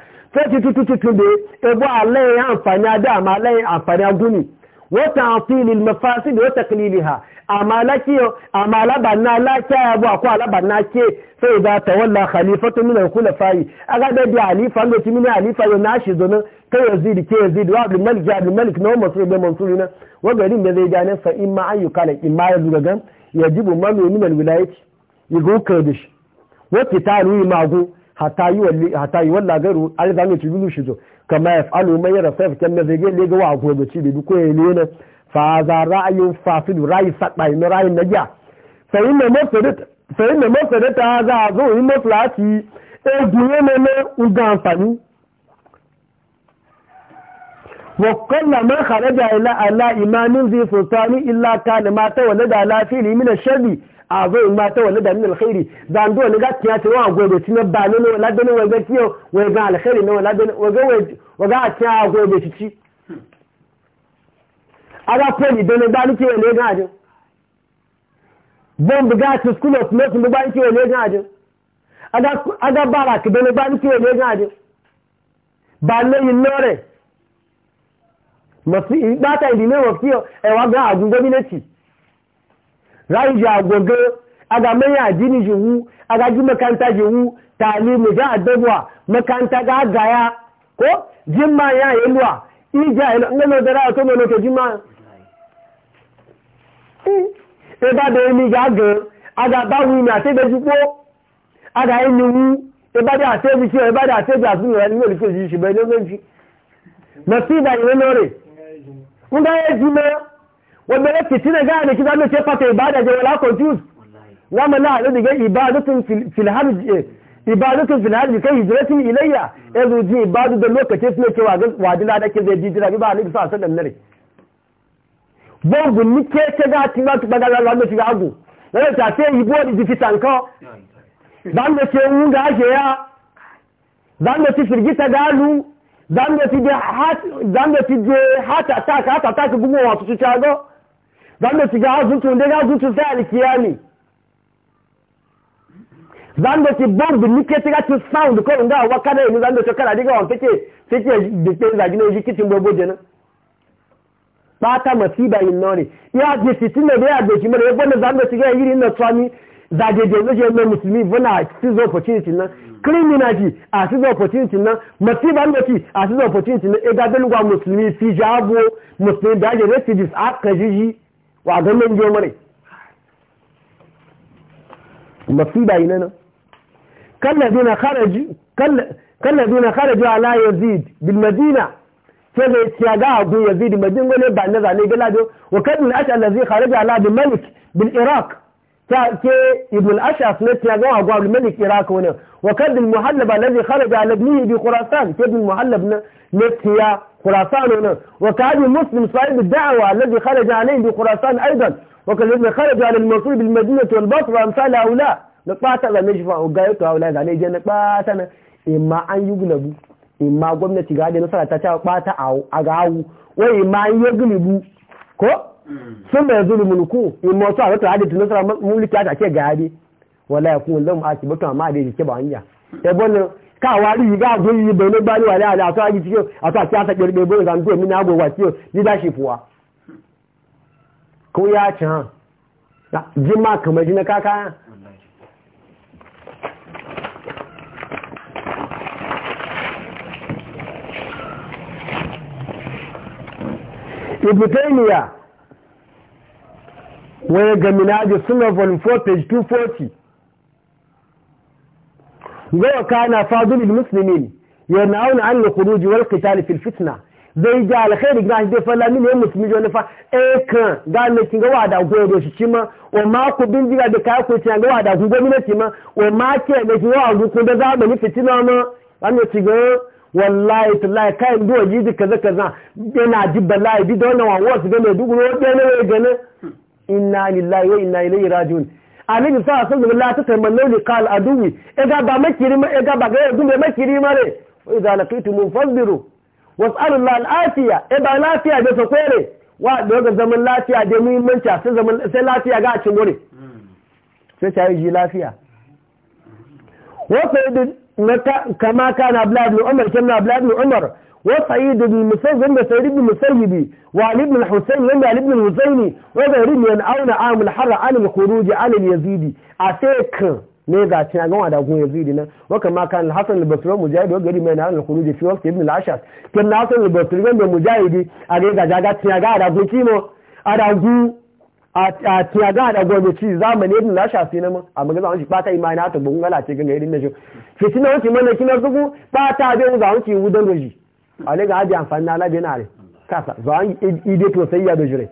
tututu da ya bu a da a malayin amfani a guni wata asilin masali da wata kimili ha a malakiyo a malaban na lakiya ya bu a kuwa laban na ke sai za ta walla halifatu fayi a halifa ga kimili halifa ya na shi zonin kai yanzu da ke yanzu da wa abu malik ya abu na wani masu ya bai mansuri na wagarin da zai gane fa in ma an yi kala in ma ya zuga gan ya jibu malu min alwilayati ya go kurdish wa qitalu yi mago hatta yi walli hatta yi walla garu al zanu tubulu shizo kama yafalu man yara sayf kan da zai gele ga wa ko ci bi ko ya ne fa za ra'ayun fasid ra'yi sadda in ra'yi naja fa in ma mafsadata fa in ma mafsadata za zo in maflati e duye ne ne uga amfani wakwallo ma kare da ila ala imamin zai sultani illa mata wani da lafili mina shari a zai mata wani da min alkhairi da an duwa niga kiya ce wani agwai ne na wala dani wani gaskiyo wani a kiya agwai beci ci a ga kwani don ba ni ke wani ga ajin bomb ga ci school of nurse ba ni ke wani ga ajin a ki don ba ni ke wani gbáta ìdílé wọ̀ fí ẹ̀wà gan àgùn gómìnàtì ráìjì àgbọ̀gán agamẹ́yà àjíní jòwú agajú mẹ́kántà jòwú tààlì mẹ́já àdẹ́bùà mẹ́kántà gáàgáyà kó jímà yà èlúà ìjà ẹ̀lọ́dẹ́rẹ́ ọ̀tọ́ mẹ́lọ́tọ̀ jímà ìbádẹ̀ ẹni gàgán agàbáwì ní àtẹ́gbẹ́júpó agà ẹni wú ìbádẹ̀ àtẹ́gbẹ́júpó ìbádẹ̀ àtẹ́gbẹ́júpó kun ga ya wanda ya tina ga ki kiza ce fata ibada wala confuse wa ma la da ibadatun fil harj ibadatun fil eh, kai hijratin ilayya yazo ji ibadu da lokacin suna cewa wadila da ke zai ji jira bi ba ne sa sallan nare bongu ni ke ce ga tin ba tu ba ga la ti ga go ne ta ce ibo di fi tanko dan ne ce un ga ya dan ne ce firgita galu zambe ti je heart attack, heart attack heart attack gugu wa tutu chago zambe ti ga azutu nde ga azutu sai alikiyani zambe ti bomb nikete ga tu sound ko nga wakana ni zambe to kala diga wan fike fike de pe za gine ji kitin bobo jena masiba inori ya ya na zajeje zaje mai musulmi bana seize opportunity nan kriminaji ji a seize opportunity na masiba ne ci a seize opportunity nan ega dalgwa musulmi fi jabo musulmi da je refugees a kajiji wa ga nan je mare masiba ina na kalladina kharaju kalladina kharaju ala yazid bil madina sai da ya a abu yazid madina ne ba na zane jo wa kadin allazi kara kharaja ala bil malik bil iraq ta ke ibn ashaf ne ta ga wa ibn kira iraq wani wa kad al muhallab alladhi kharaja ala ibnihi bi khurasan ke ibn muhallab ne ta khurasan wani wa kad muslim sahib al da'wa alladhi kharaja alayhi bi khurasan aidan wa kad ibn kharaja ala al mansur bil madinah wal basra amsal haula na pata da najfa ga yato haula da ne je na pata na imma an yuglabu imma gwamnati ga da nasara ta ta pata a ga awu wai imma an yuglabu ko sun bai zuru mulku in masu a wata hadita nasara mulki aka ce gari wala ya kuma lamu aki batu amma da jike ba hanya ya bane wari yi ga go yi bai ne bani wala ala to aji ciyo a to aki asa kirbe bai zan go na go wa ciyo ni da shi fuwa ko ya ci ha jima kamar jina kaka ibn taymiya wani ga minaji suna volume 4 page 240 gawa kana fadulil musulmin yana auna an yi kuruji wal kitali fil fitna zai ga alkhairi ga shi falla mini yan musulmi jona fa e kan ga ne kin ga wada go do shi ma o ma ku bin jiga da kai ku tin ga wada ku gwamnati ma o ma ke da ki wa ku da za ba ni fitina ma an ci ga wallahi tallahi kai do ji kaza kaza yana jibba lai bi da wannan wa wasu ga ne dugu ne ne ga ne inna lillahi wa inna ilaihi rajiun anabi sa sallallahu la tatamannu li qal aduwi ega ba makiri ma ega ba ga dume makiri mare wa idza laqitu fasbiru was'alu llaha al'afiya e ba lafiya da sokwere wa daga zaman lafiya da muhimmanci sai zaman sai lafiya ga cin gore sai ta yi lafiya wa sayyid kama kana abla umar kana abla umar وسعيد بن المسيب وما سعيد بن المسيب وعلي بن الحسين وما علي بن الحسين وغير من أون عام الحر على الخروج على اليزيد أتيك نيجا تناغون على أبو يزيد وكما كان الحسن البصري مجاهد وغير من عن الخروج في وقت ابن العشر كان الحسن البصري جنب مجاهد أجيجا جاجا تناغا على أبو كيمو على أبو a tiyaga da gwamnati zamani yadda na shafi na a magana wani ba ta imani ta bugun ce ganga irin na shi fitina wuce mana kina zugu ba ta bai mu wuce wudan roji ale ga aji amfani na alabe na re kasa za an ide to sai ya da jire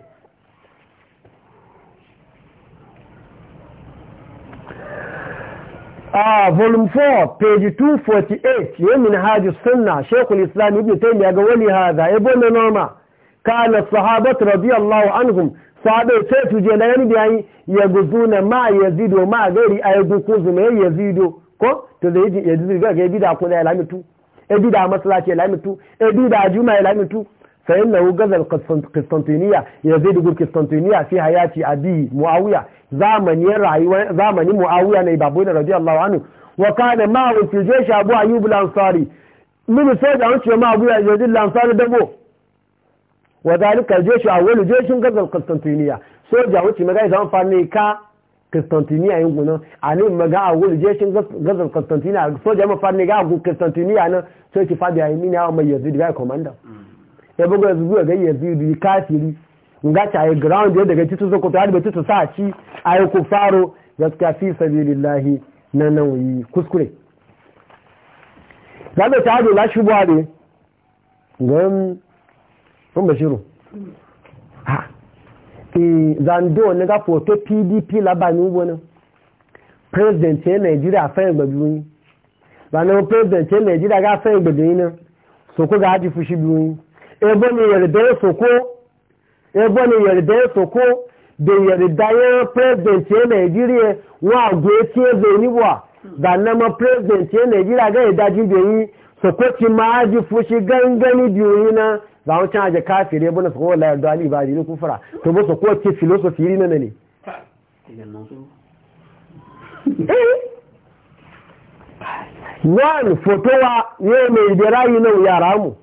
ah volume 4 page 248 min haji sunna shekul islam ta yi ga wali hada yabo e na norma kana sahabat radiyallahu anhum sahabe sai tuje na yani bayani ya guzuna ma ya zido ma gari a guku gukuzu ya zido ko to da yi yazido ga ga bida ko da lamitu ebi da masalaci ya lamitu ebi da juma'a ya lamitu sayin na gazal kistantiniya ya zai dugur kistantiniya fi hayati abi muawiya zamanin rayuwa zamanin muawiya ne babu da radiyallahu anhu wa ma wa fi jeshi abu ayyub lansari ansari sai soja wuce ma abu yazid al lansari dabo wa dalika jeshi a wani jeshin gazal kistantiniya soja wuce magai zan ne ka kristantiniya yin gudun a ne maga a wuri jeshin gazar Constantiniya soja mafa ne ga agu kristantiniya na sai fadi a yi mini yawon mai yazidi ga komanda ya bugu ya zuwa ga yazidi kafiri nga ta yi ground ya daga titun zakoto har bai titu sa ci a yi ku faro gaskiya fi sabilillahi na nan kuskure na shubuwa ne sun bashiru Eh, zando na ga foto pdp labanin ne? president ya nigeria fayin gbabi yi ranar president ya nigeria ga fayin gbabi yi nan soko ga haji fushi biyu yi ebe ne yarda ya soko Ebo ne yarda ya soko da yarda ya president ya nigeria wa gweci ya zai niwa da nama president ya nigeria ga yarda ji biyu yi soko ci ma haji fushi gangani biyu yi nan za mu canje kafire bune su kowa layar dali ba dini kufura to ba su kowa ke filosofi iri nana ne wani fotowa ne mai da rayu nau yara mu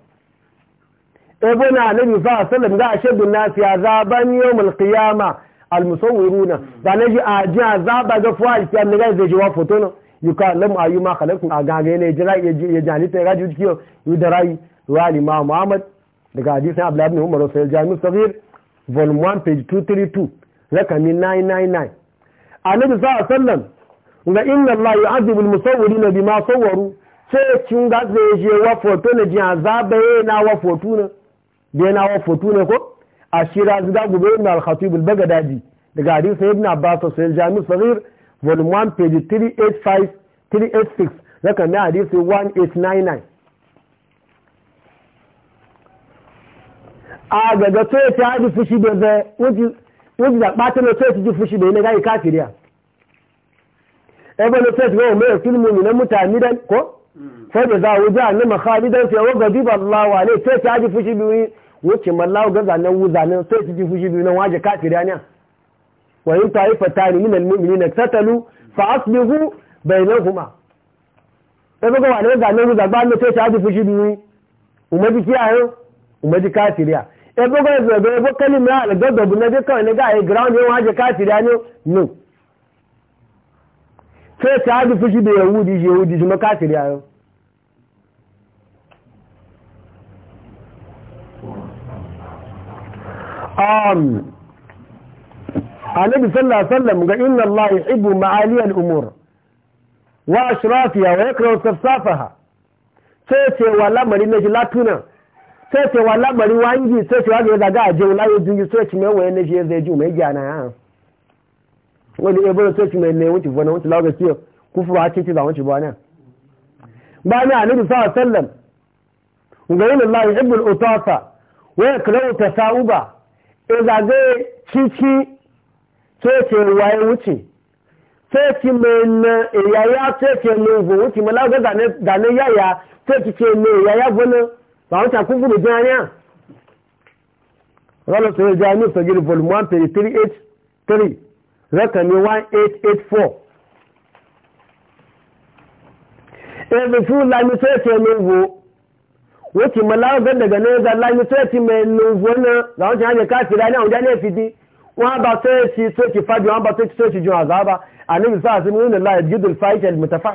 ebe na nabi sa sallam da ashadu nasi azaban yawmul qiyama al musawwiruna da naji aji a ga fuwa kiyam ne ga zai jiwa foto no yuka lam ayuma khalaqu agage ne jira ya jani ta raji kiyo yu da rayi wa al muhammad daga hadisin abu labin umaru sai jami'u sabir vol 1 page 232 rakami 999 a nabi sa'a sallan ga inna allaha yu'adhibu na bi bima sawwaru ce cin ga ya je wa foto na jiya jin azaba na wa foto na ne na wa foto na ko a ashira zuga gube ibn al-khatib al-baghdadi daga hadisin ibn abbas sai jami'u sabir vol 1 page 385 386 rakami hadisi 1899 a gaga to ya fushi da zai wajen zaɓa ta na to ya ji fushi da yana gani kafiriya ebe na to ya shiga wa mai yakin mummi na mutane dan ko sai da za a wuce a nama khalidan fiye wa gabi ba Allah ne fushi ne ebo ga ebo ebo kalima algado bu nabi kan ne ga e ground ne waje kafiri ani no sai ta hadu fushi da yahudi yahudi kuma kafiri ayo um annabi sallallahu alaihi wasallam ga inna allaha yuhibbu ma'ali al-umur wa ashrafiha wa yakrahu safafaha e sai ce wala mari ne latuna sai ce wa labari wangi sai ce wa zaga a jin layo jingi sai ce mai wayan shi zai ji mai gyana ya wani ebe sai ce mai ne wuce fana wuce lawa gaskiya kufu ba ce ce za wuce ba ne ba e ne a nabi sallallahu sallam ga na Allah ya ibn utasa wa ya ta sa'uba e zage cici sai ce waye wuce sai ce mai na yaya sai ce mai wuce malaga da ne yaya sai ce mai yaya bana àwọn ṣàkóso lè jẹ́ aríà rọ́lọ́ sọ̀rọ̀ jẹ́ aríà ìsọ̀gẹ́rì volume one page three eight three rẹ́kàn ní one eight eight four. ẹ̀rọ fún lami tó ẹ̀sẹ̀ ló wò wọ́n ti na. láwọn fẹ́ dẹ̀gẹ̀ náà gba lami tó ẹ̀sẹ̀ mẹ́ ló wò náà làwọn ti hàn jẹ́ káàkiri ayé àwọn jẹ́ wọ́n bá tó ẹ̀sẹ̀ tó ti bá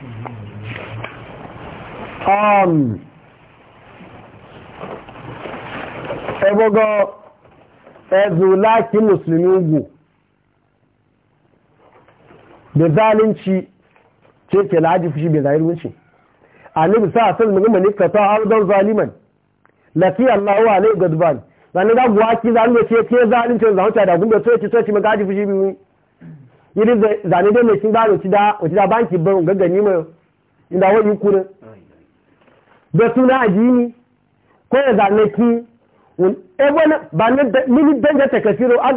ẹgbọ́gọ́ ẹzù láti musulmi ugwu da zalunci ce ke laji fushi bai zahir wuce annabi sa asal mu gama ne kata ardon zaliman lafi Allahu alai gadban zani ga guwaki zalunci ce ke zalunci zahunta da gumbe so ce so ce magaji fushi bai iri zane da mai cin gano wace da banki ban gaggani mai inda wani kurin da suna ajini ko ya zane ki ebon ba na mini danja ta kasiro a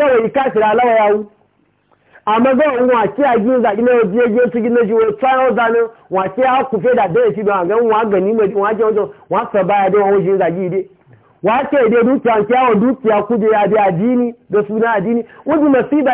amma ga wa ki a gina zaki na biye biye su gina jiwo tsayo wa a kufe da da don wa gani mai wa wajen wa baya da dai dai dukiya ya ajini da suna ajini masiba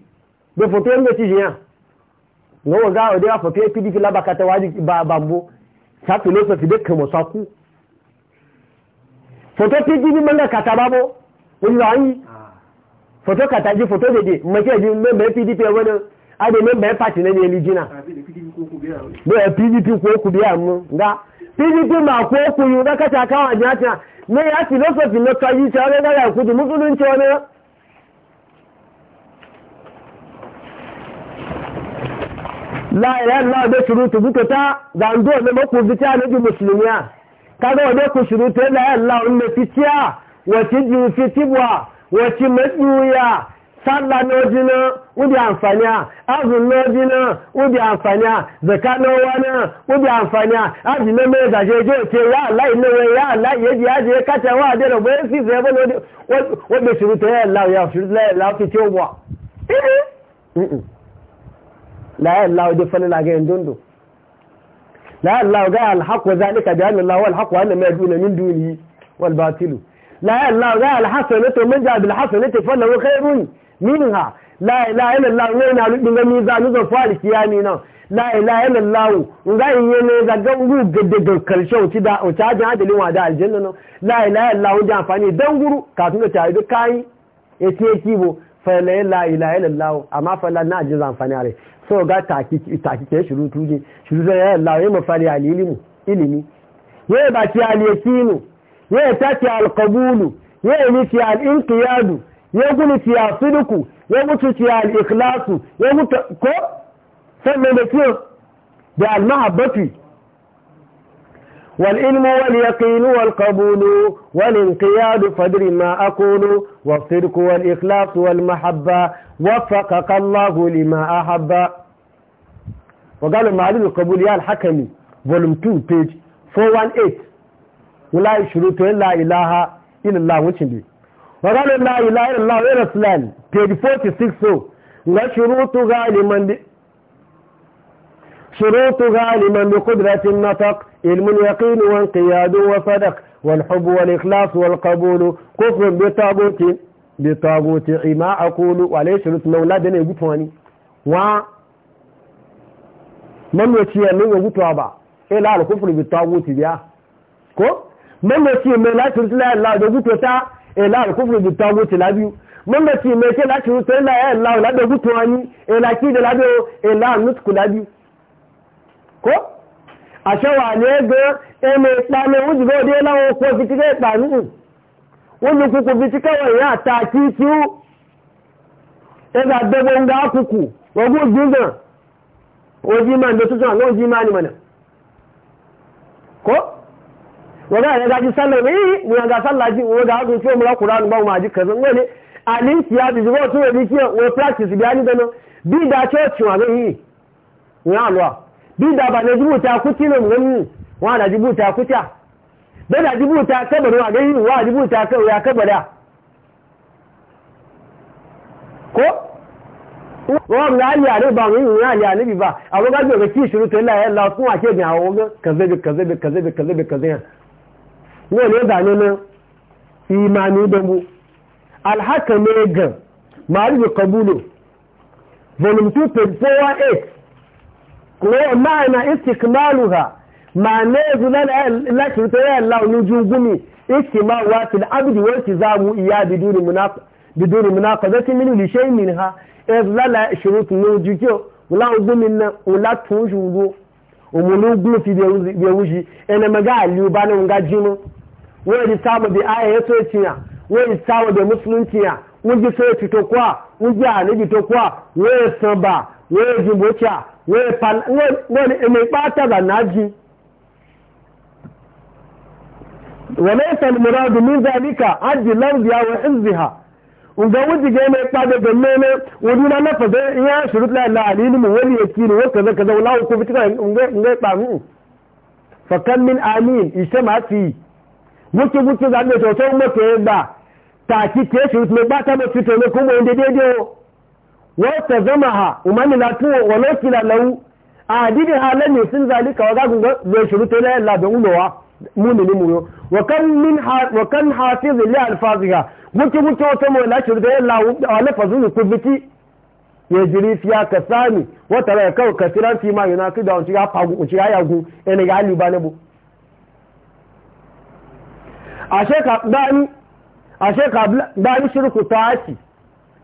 da foto yin da cijiya na waga a dawa foto ya fi diki labaka waji ba bambo ta filosofi da kama saku foto fi diki manga kata babo wani an yi foto kata ji foto da de mace ji memba ya fi diki ade memba ya fati na ne lijina da ya fi diki ko ku biya mu ga fi diki ma ko ku yi da kata kawo a jihata na ya filosofi na kaji ta wani gara kudu musulunci wani la ilaha illallah da shurutu bukata zando ne maku bitiya ne ji musulmiya kaga wa da ku shurutu la ilaha illallah ne fitiya wace ji fitibwa wace matsuya na ojina udi amfani a na ojina udi amfani a na wani udi amfani a aji na mai zaje je ce ya Allah ina wai ya Allah ya ji aje kace wa la ilaha illallah la ilaha illa falala ga ndondo la ilaha ga alhaq wa zalika bi anna allah wal haq wa anna ma yaduna min dunihi wal batil la ilaha ga alhasanatu min ja bil hasanati falahu khairun minha la ilaha illa allah ne na lubin ga mizanu ga fali kiyami nan la ilaha illa allah ga yin ne ga gangu gaddaga karshe uci da uci ajin adalin wa da aljanna nan la ilaha illa allah da amfani dan guru kafin ga tayi duk ya yace kibo fa la ilaha illa allah amma fa la na ajin amfani are so ga takike tuje je zai ya Allah ya mafari alilimu ilimi ya ba ci aliyakinu ya ta ci alqabulu ya ni ci alinqiyadu ya guni ci asiduku ya mutu ci alikhlasu ya mutu ko sannan da ciyo da wal والعلم واليقين والقبول والانقياد فدر ما أقول والصدق والإخلاص والمحبة وفقك الله لما أحب وقال المعلم يا الحكمي فولوم 2 بيج 418 ولا شروط لا إله إلا الله وشندي وقال لا إله إلا الله ورسولان بيج 46 لا شروط غالما شروط غالما بقدرة النطق علم اليقين وانقياد وصدق والحب والإخلاص والقبول كفر بتابوت bi tagoti ima aqulu wa laysa lutmawla da ne gutu wani wa man wace ya mun gutu ba sai al bi tagoti biya ko man wace mai la turu la la da gutu ta e eh al kufru bi tagoti la biyu man wace mai ke la turu la la la da eh ki da eh la nutku la biyu ko a shawa ne ga e mai wani kuku bi kawai ya ta kisu ya ga dabon ga kuku wago gizan ma da ga oji ma ni mana ko waga ya ga ji sallar eh ni ga sallar ji waga ga ji mu ra ba ma ji kazan wani alin siya bi zuwa to bi ki wa practice ni bada dubu ta kabar wa gani wa dubu ta kabar ya kabara ko wa mu ali ya ba mu ni ali ya ba abu ga ga ki shuru ta la ya la ku wa ke ga wa ga kaze bi kazebe kazebe kazebe bi kaze bi kaze ne ne da ne ne imani da mu al hakam ga mari bi qabulu volume 2.48 ko ma'ana istikmaluha ma na ezu yanzu lakin ta yi Allah nuju gumi istima wa fil abdi wa ki zamu iya biduni munaf biduni munaqazati min li shay minha izlala shurut nuju kyo wala na wala tunjugo umulu gumi fi be wuji ene maga aliu bana nga wani samu bi aya wani e samu musulunci ya wani so ya fito kwa wani ya ne fito kwa wani samba wani jimbocha wani pan wani وليس المراد من ذلك عد الأرض أو حفظها ungawuji ga mai kpada da mene wani na na fada ya shurut la la alini mu wani yake ne waka zaka da wala ku bitika ngai ba mu fa kam min amin isma fi wuce wuce da ke ba ta ki ke shurut me ba ta mu fito ne kuma inda dede wa ha wa kila lau sun zai da mumini mu wa kan wa kan hafiz li alfaziha guti guti wata mai la da yalla wa lafazu kubiti ya jiri fiya ka sani wata rai kawai ka tiran fi ma yana su da wanci ya fagu kunci ya yagu yana ga aliba na bu ashe ka dani ashe ka shirku ta haki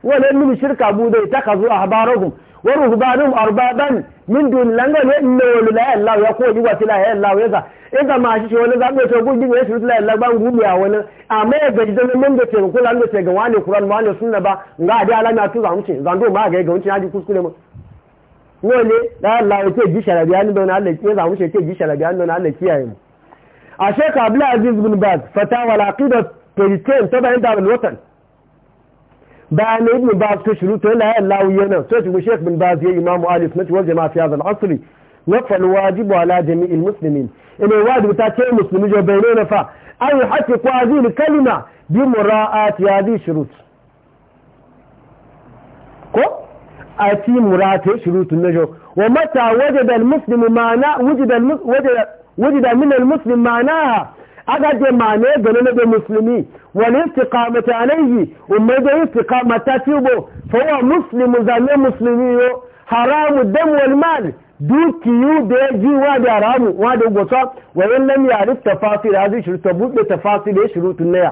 wani min shirka bu zai ta kazo a habarahun wani rubanin min dun langa ne ina wani la'ayi allahu ya koyi wa tilaye allahu ya za ina ma shi shi wani zaɓe ta gudu ne su tilaye allahu ban gudu ya wani amma ya gaji zama min da ce kula da ce ga wani kuran ma ne sunna ba nga a da alama tu zan zando ma ga ga wuce ya ji kuskure ma wani la'ayi allahu ke ji sharabi ya nuna allah ke zamuce ke ji sharabi ya nuna allah kiyaye mu a shekaru abdulaziz bin baz fata walaƙi da 13 ta bayan dawal watan بيان ابن باز كشروط لا لا وينا تشوف شيخ بن باز يا امام اهل السنه والجماعه في هذا العصر وقف الواجب على جميع المسلمين ان الواجب بتاع كل مسلم جو بيننا فا اي حتي هذه الكلمه بمراعاه هذه الشروط كو اتي مراعاه شروط النجو ومتى وجد المسلم معناه وجد المس... وجد وجد من المسلم معناها agaje mane gane na musulmi wani istiqamata alayhi umma da istiqamata tibo fa huwa muslimu zane musulmi yo haramu dam wal mal dukiyu da ya ji wa da haramu wa da gwata wa in lam yarif tafasir hadhihi shurut buɗe tafasir shurutun naya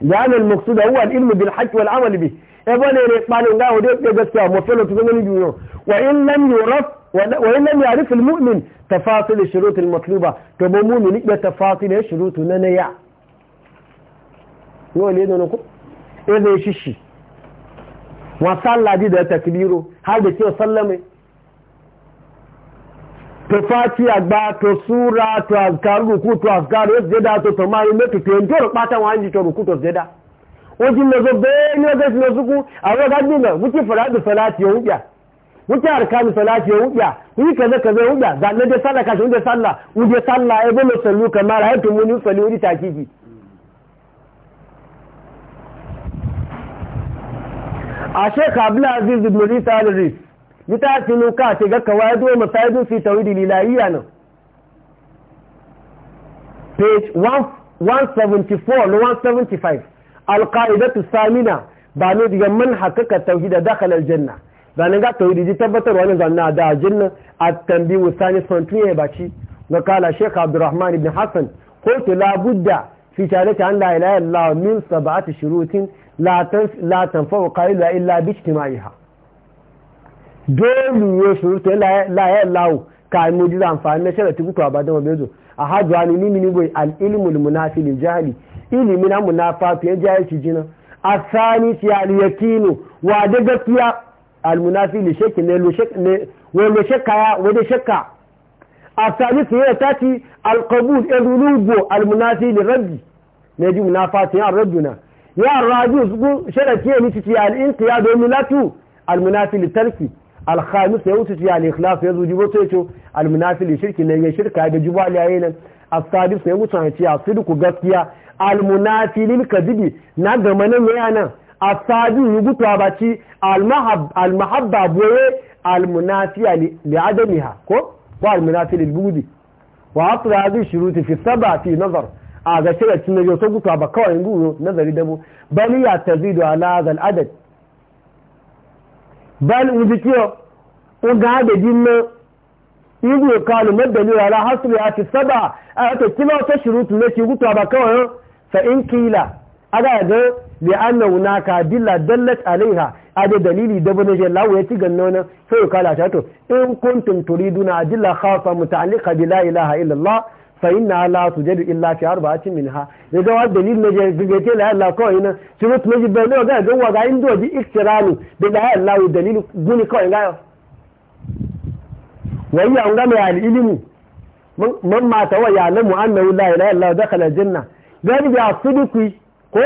لأن المقصود هو العلم بالحق والعمل به إبن رقمان الله وديك بس يا مفلو تقولني بيو وإن لم يرف wa in lam yarif al mu'min tafasil al shurut al matluba to ba mu'min ya tafasil al shurut na na ya yo le don ko e da shishi wa salladi da takbiru har da kiyo sallame to fatiha gba to sura to azkar ruku to azkar zeda to tamari metu to ndoro pata wa anji to ruku to zeda o jin lo zo be ni o ze lo zuku àwọn ga gbe na wuti faradu salati o nja wuce arkanu salati ya wuya yi kaza kaza ya da na da sallah kashi wuce sallah wuce sallah ya bolo sallu kamar haifin muni usalli wuri takiki a shekha abdulaziz ibn rita al-ris ta sinu ka ce ga kawai do masaidun fi tawhid lilahiya nan page 174 na 175 alqaidatu samina ba ne daga man hakaka tauhid dakhala al-janna zanen ga tawhidi ji tabbatar wani zanna da jinna at-tanbih wasani santiye baci ga kala sheikh abdurrahman ibn Hassan. Kotu la budda fi shahadati an la ilaha illa min sab'ati shurutin la tan la tanfa'u qailuha illa bi ijtima'iha dole yo shurut la ilaha illa ka amfani na sharati ko abadan wa bezo ahadu an ni mini boy al-ilmu al-munafi lil jahili ilmi na munafa fi jahilci jina asani fi al yakinu wa da gaskiya almunafi li shakki ne lo shakka ne wo lo shakka ya wo de shakka asali su ya tati alqabul alulugo e almunafi li rabbi ne di munafati ya rabbuna ya rabbi su sharaki ne titi al inqiyad wa milatu almunafi li tarki alkhamis ya wuce ya li ikhlas ya zuji wato yato almunafi li shirki ne ya shirka ga jibo aliyayen asali su ya wuce ya sidku gaskiya almunafi lil kadibi na gama nan yana nan asadi yugutu abaci almahabba boye almunafiya li adamiha ko ko almunafiya lil bugudi wa atra hadi shuruti fi saba fi nazar a ga shirin cin yau so gutu ba kawai guro nazari dabo bal ya tazidu ala hadha al adad bal o ga da jinna ibu kalu madali ala hasri ati sab'a a ta kima ta shuruti ne ki gutu ba kawai fa in kila aga ga bi anna hunaka dilla dallat alaiha ade dalili da bane je lawo yaci ganno nan sai ka kala ta to in kuntum turiduna adilla khafa muta'alliqa bi la ilaha illa allah fa inna la tujadu illa fi arba'atin minha ne ga dalil ne je ga te la allah ko ina shurut ne je bane ga ga wa ga indo ji iktirani da la allah dalil guni ko ina wayya an ga mai alilimu man mata wa ya lamu annahu la ilaha illa allah dakhala janna gani ga sidiki ko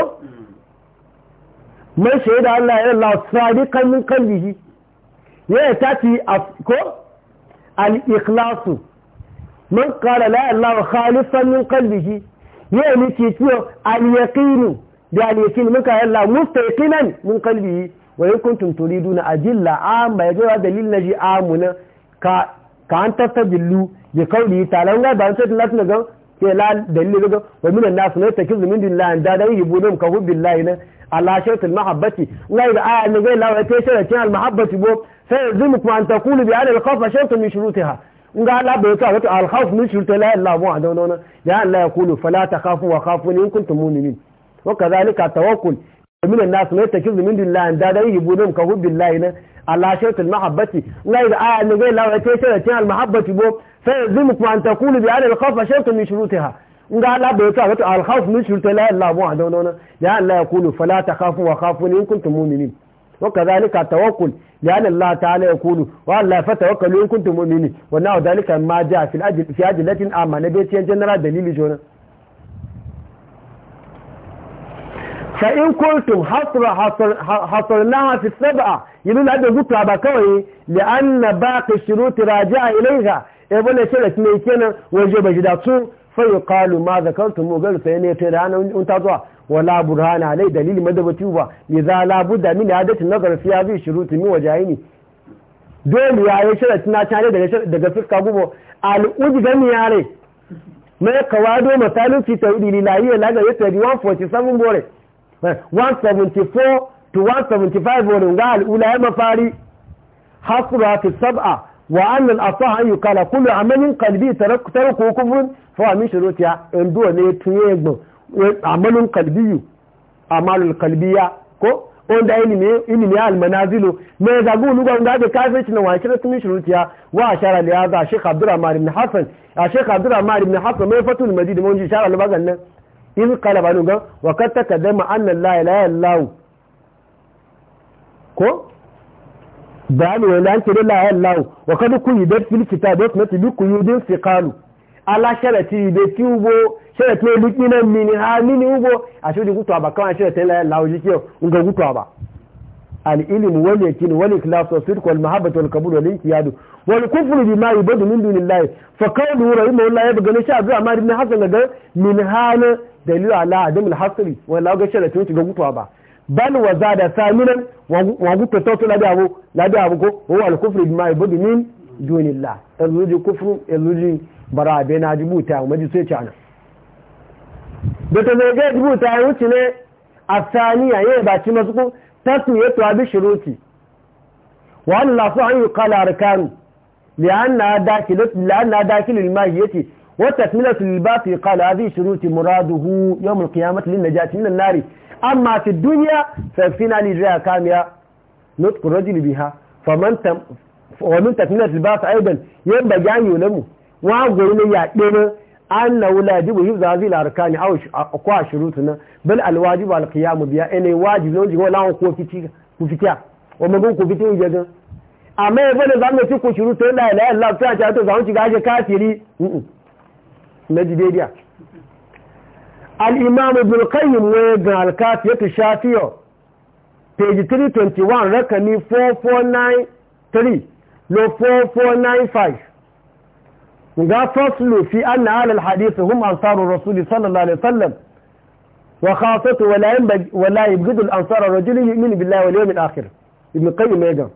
mai shaye da Allah ya lafari kalmin kalbihi ya yi tafi a ko al’ikhlasu man kara la’allah wa halifan min kalbihi ya yi nufi ciyo al’yakini da al’yakini muka yi Allah musta mun min kalbihi wa yi kun turi duna a jilla a ba ya wa dalil na ji amuna ka an tattabillu ya kauri talanga ba an sai tunatun da ke la dalili daga wa minan nasu ne ta kizu min dillahi da dai yibu dum ka hubbillahi na ala shaytul mahabbati ngai da aya ne gai la wa ta shara al mahabbati bo sai yazimu kuma an taqulu bi ala al khawf shaytun min shurutiha nga la bai ta wato al khawf min shuruti la illa bu adan dona ya allah yaqulu fala takhafu wa khafu in kuntum mu'minin wa kadhalika tawakkul minan nasu ne ta kizu min dillahi da dai yibu dum ka hubbillahi na ala shaytul mahabbati ngai da aya ne gai la wa ta shara al mahabbati bo فيلزمك فيلزمكم أن تقول بأن الخوف شرط من شروطها قال لا بيطاعة الخوف من شروط لا إلا وحده لأن يعني لا يقول فلا تخافوا وخافوني إن كنتم مؤمنين وكذلك التوكل لأن الله تعالى يقول وأن لا فتوكلوا إن كنتم مؤمنين ونحو ذلك ما جاء في الأجل في أجل التي آمن بيتي جنرال دليل جونا فإن كنتم حصر حصر حصرناها في السبعة يقول هذا ذكر بكوي لأن باقي الشروط راجع إليها ya bane sharaf mai kenan waje ba ji da su fa yuqalu ma mu mugar sai ne ta da in ta zuwa wala burhana alai dalili madabati ba ni za la budda min adati nazar fi hadhihi shuruti mi wajahini dole ya yi sharaf na tare daga daga fiska gubo al ujgani yare mai kawado misalin fi tawdi lillahi la ga 147 bore 174 eh, to 175 bore ga al ula ya hasra fi sab'a وأن الأصح أن يقال كل عمل قلبي ترك تركه كفر فهو من شروطها إن دون يتيجب عمل قلبي أعمال القلبية كو wanda ilimi ilimi almanazilu me zagu luga wanda da kafirci na wakira yi shurutiya wa ashara da a Sheikh Abdurrahman ibn Hassan a Sheikh Abdurrahman ibn Hassan mai fatul majid mun ji shara albagan nan in kala banu ga wa kad takaddama layi layi ko bayani wa an hankali la yan lawo wa kada ku yi dat ya kitab yat mati bi ku yudin siqalu ala sharati bai ki ubo sharati le liki na mini ha mini ubo ashudi kutu aba kan sharati la yan lawo jikiyo nga kutu aba al ilm wal yakin wal ikhlas wa sidq wal mahabbah wal qabul wal inqiyad wal kufru bima yubadu min dunillahi fa qawlu rahimahullah ya bagana sha abdu amar ibn hasan ga min na dalilu ala adam al hasri wala ga sharati ga kutu aba bal wa zada thaminan wa gutta tawtu labi abu labi ko wa al kufru bima yabudu min dunillah azuji kufru azuji barabe na jibuta maji sai ana da ta zai ga jibuta wuce ne a saniya ya yi ci masu ku tasmiyatu abi shuruti wa an lafu an yuqala داخل yake. وتكملة الباقي قال هذه شروط مراده يوم القيامة للنجاة من النار أما في الدنيا ففينا لجاء كاميا نطق الرجل بها فمن تم ومن تكملة الباقي أيضا ينبغي أن يلم وأقول من إبنه annahu la yajibu hifz hadhihi al-arkan aw aqwa shurutuna bal al-wajibu al biya ene wajibi onji ko lawon ko fiti ku fitiya o mo gun fiti o jegan amma e bele zamu ti ku shurutu la ilaha illa ta ta to zamu ti gaje kafiri نجي دي دي الامام ابن القيم وين الكاف يتشافيو page 321 ركني 4493 لو 4495 وذا فصل في ان على الحديث هم انصار الرسول صلى الله عليه وسلم وخاصته ولا يبج ولا يبجد الانصار الرجل يؤمن بالله واليوم الاخر ابن القيم يجا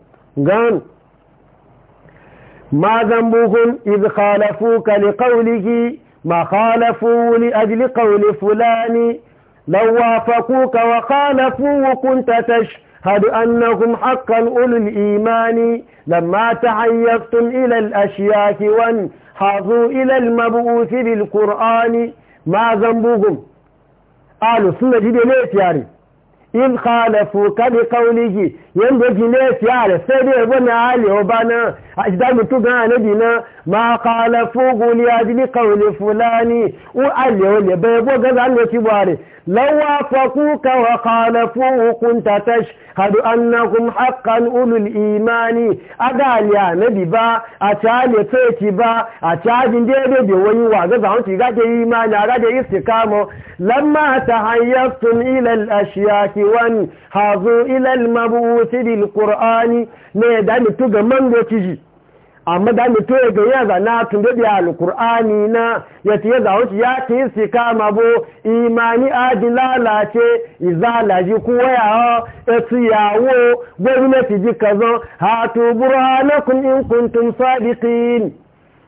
قال ما ذنبهم اذ خالفوك لقوله ما خالفوا لأجل قول فلان لو وافقوك وخالفوا كنت تشهد أنهم حقا أولو الإيمان لما تعيقتم إلى الأشياء وانحظوا إلى المبعوث بالقرآن ما ذنبهم قالوا سنة جديدة ليه يعني in khalafu ka qawlihi yanda jine da sai dai wani hali o bana ajda mutu ga anabi na ma khalafu guli ajli qawli fulani u alle o le be bo ga zan ci bare لو وافقوك وخالفوه كنت تشهد أنهم حقا أولو الإيمان أدال يا نبي با أتال يتيكي با أتال ديدي دي ويوا غزا عنتي غادي إيمان غادي استقامة لما تهيفتم إلى الأشياء وانهاضوا إلى المبعوث بالقرآن نيدان تغمان وتجي amma da ga ya zana tun da biya alqur'ani na ya tiya da wuce ya ti su kama bo imani adi lalace izalaji kuwaya ya ti yawo gwamnati ji kazo ha tu burhanakum in kuntum sadiqin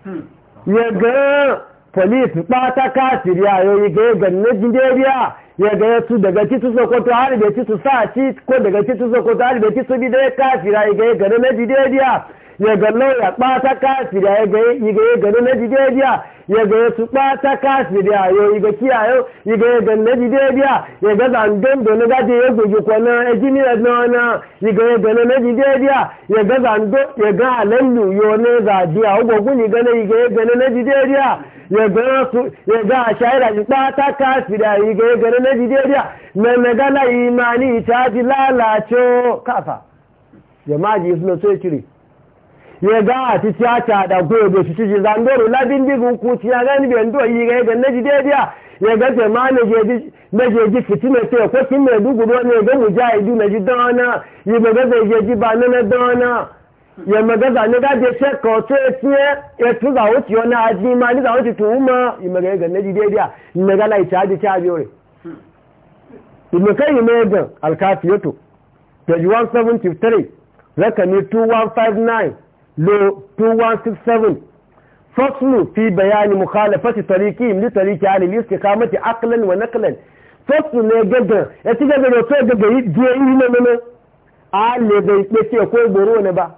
hmm. ya ga police ba ta kasiri ayoyi ga ga na jinderiya ya ga su daga titu to har da titu sa ci ko daga titu to har da titu bidai kasira ya ga ga na jinderiya ya ga lauya ɓata kasiri ya ga ya ga na jidediya ya ga ya su ɓata kasiri ya yi ga kiyaye ya ga ya ga na jidediya ya ga zandon da na gaji ya guji kwana engineer na wana ya ga ya ga na jidediya ya ga zando ya ga alallu yo ne zadiya ugogun ya ga na ya ga ya ga na jidediya ya ga su ya ga a shaira shi ɓata kasiri ya ga ya ga na jidediya na nagala imani ta ji lalace kafa jama'a ji suna so ya cire ya ga a ti tiyata da gobe shi ciki zandoro labin digun kuci ya gani bai ndo yi ga na ji daidaiya ya ga ce ma na je ji fitina ce ko kin mai dugu ruwa ne ga mu jahidu e na ji dana yi ba gaza je ji ba na na dana ya magaza ne ga je ce ko ce tiye ya e tu za wuci na aji ma ni za wuci tuhuma yi maga ga na ji daidaiya na ga lai ta ji ta biyo ne. Imekai Imegan Alkafiyatu, page 173, Rakami 2159. lo 2167 faslu fi bayani mukhalafati tariqihim li tariqi ahli al-istiqamati aqlan wa naqlan faslu ne gaga ya e ci gaga da to gaga yi je yi ne ne a le ga ipe ce ko gboro ba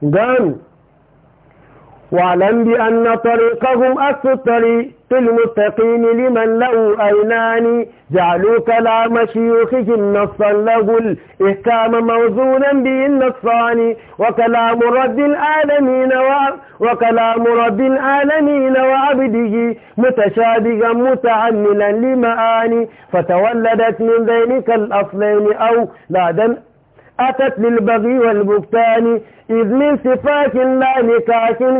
gan واعلم بأن طريقهم أكثر في المستقيم لمن له أينان جعلوا كلام شيوخهم نصا له الإحكام موزونا به النصان وكلام رب العالمين و... وكلام رب العالمين وعبده متشابها متعملا لمعاني فتولدت من ذلك الأصلين أو بعد أتت للبغي والبكتان إذ من صفات الله نكاش كون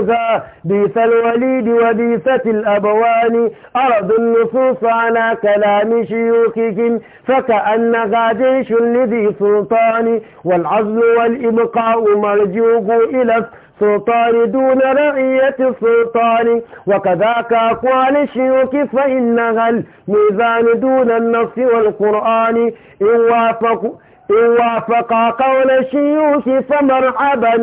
ذا بيث الوليد وبيثة الأبوان أرض النصوص على كلام شيوخهم فكأنها جيش لذي سلطان والعزل والإبقاء مرجوه إلى السلطان دون رعية السلطان وكذاك أقوال الشيوخ فإنها الميزان دون النص والقرآن إن وافقوا وافق قول الشيوخ فمرحبا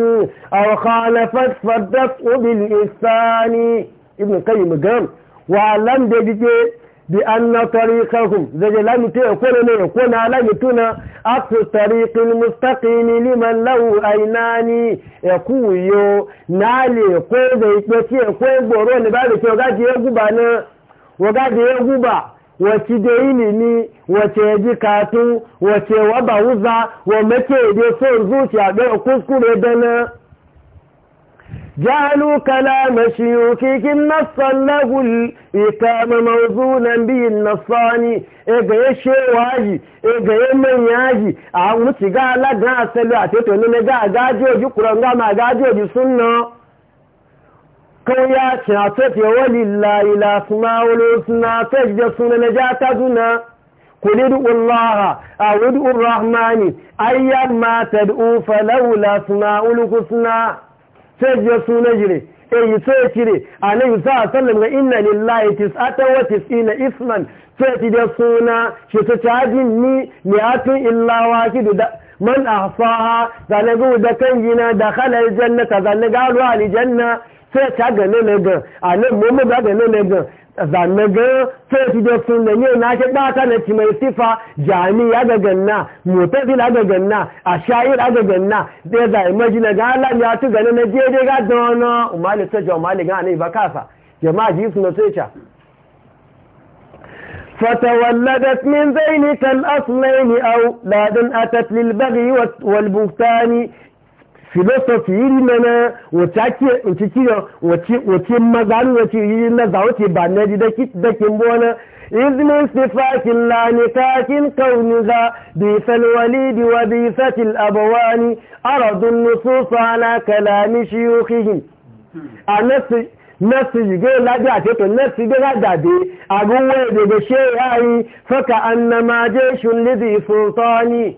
أو خالفت فالدفع بالإحسان ابن قيم قام وعلم بجدي بأن طريقهم زجلام تيكون يكون لم تنا أقصى الطريق المستقيم لمن له أينان يقول نالي قوة يكويو قوة بورون بعد شوغاتي يغبانا وغادي يغبا wace da ilimi wace ji katu wace waba wuza wa mace da son zuciya da kuskure da na جعلوا كلام شيوخهم نصا له الإتام موزونا به النصاني إيجا يشيواجي إيجا يمنياجي أعوتي قال لك أسلوات يتوني قال قاجي وجي قرآن قام قاجي وجي سنة kan ya ce a tafiye wani la'ila suna wani suna ta jiya suna na ja ta zuna kuli du'un laha a wudu'un rahmani ayyan mata du'u falaula suna uluku suna ta jiya suna jire eyi ta ya cire a nan za a sallam ga inna lillahi tis'ata wa tis'ina isman ta ci da suna shi ta cajin ni a mi'atun illawa ki da man ahsaha zane gudu da kan gina da khalar Ka zane galo janna. fẹ́ẹ̀tì agẹ̀lẹ́lẹ́gàn àlẹ́ mọ́mọ́dé agẹ̀lẹ́lẹ́gàn zanagan fẹ́ẹ̀tì jẹ́ fún lẹ́yìn ọ̀nà ṣe gbáta lẹ́ ti mẹ́rin sífà jàní ya náà mọ̀tẹ́sílẹ̀ agẹ̀gẹ̀ náà àṣàyè agẹ̀gẹ̀ náà dẹ́zà ìmọ̀jìnlẹ̀gàn alámi àtúgẹ̀lẹ́lẹ́ déédéé gádùn ọ̀nà gan فتولدت من ذينك الأصلين أو أتت للبغي والبهتان filosofi iri nana wace kiyo wace magani wace yi na zaunce ba na ji dakin bona izinin sifakin lanikakin kauniza bisal walidi wa bisatil abawani aradun nususa shi kalami shiyukihim a nasu yi yigo ladi ateto nasi yigo ladade agunwe daga yi faka annama jeshin lizi sultani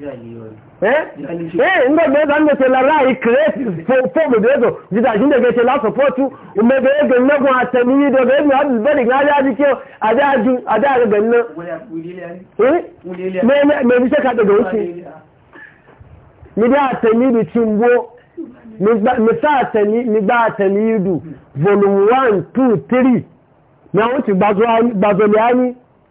eh ndo be dan de la rai create for for be do dida jinde be la support u me be de na ko atani do be mi abu be ga ya di ke ada ju ada ga gan na eh me me bi se ka de do si mi da atani bi chimbo mi sa atani mi ba atani du volume one, two, three. na o ti gbazo gbazo ani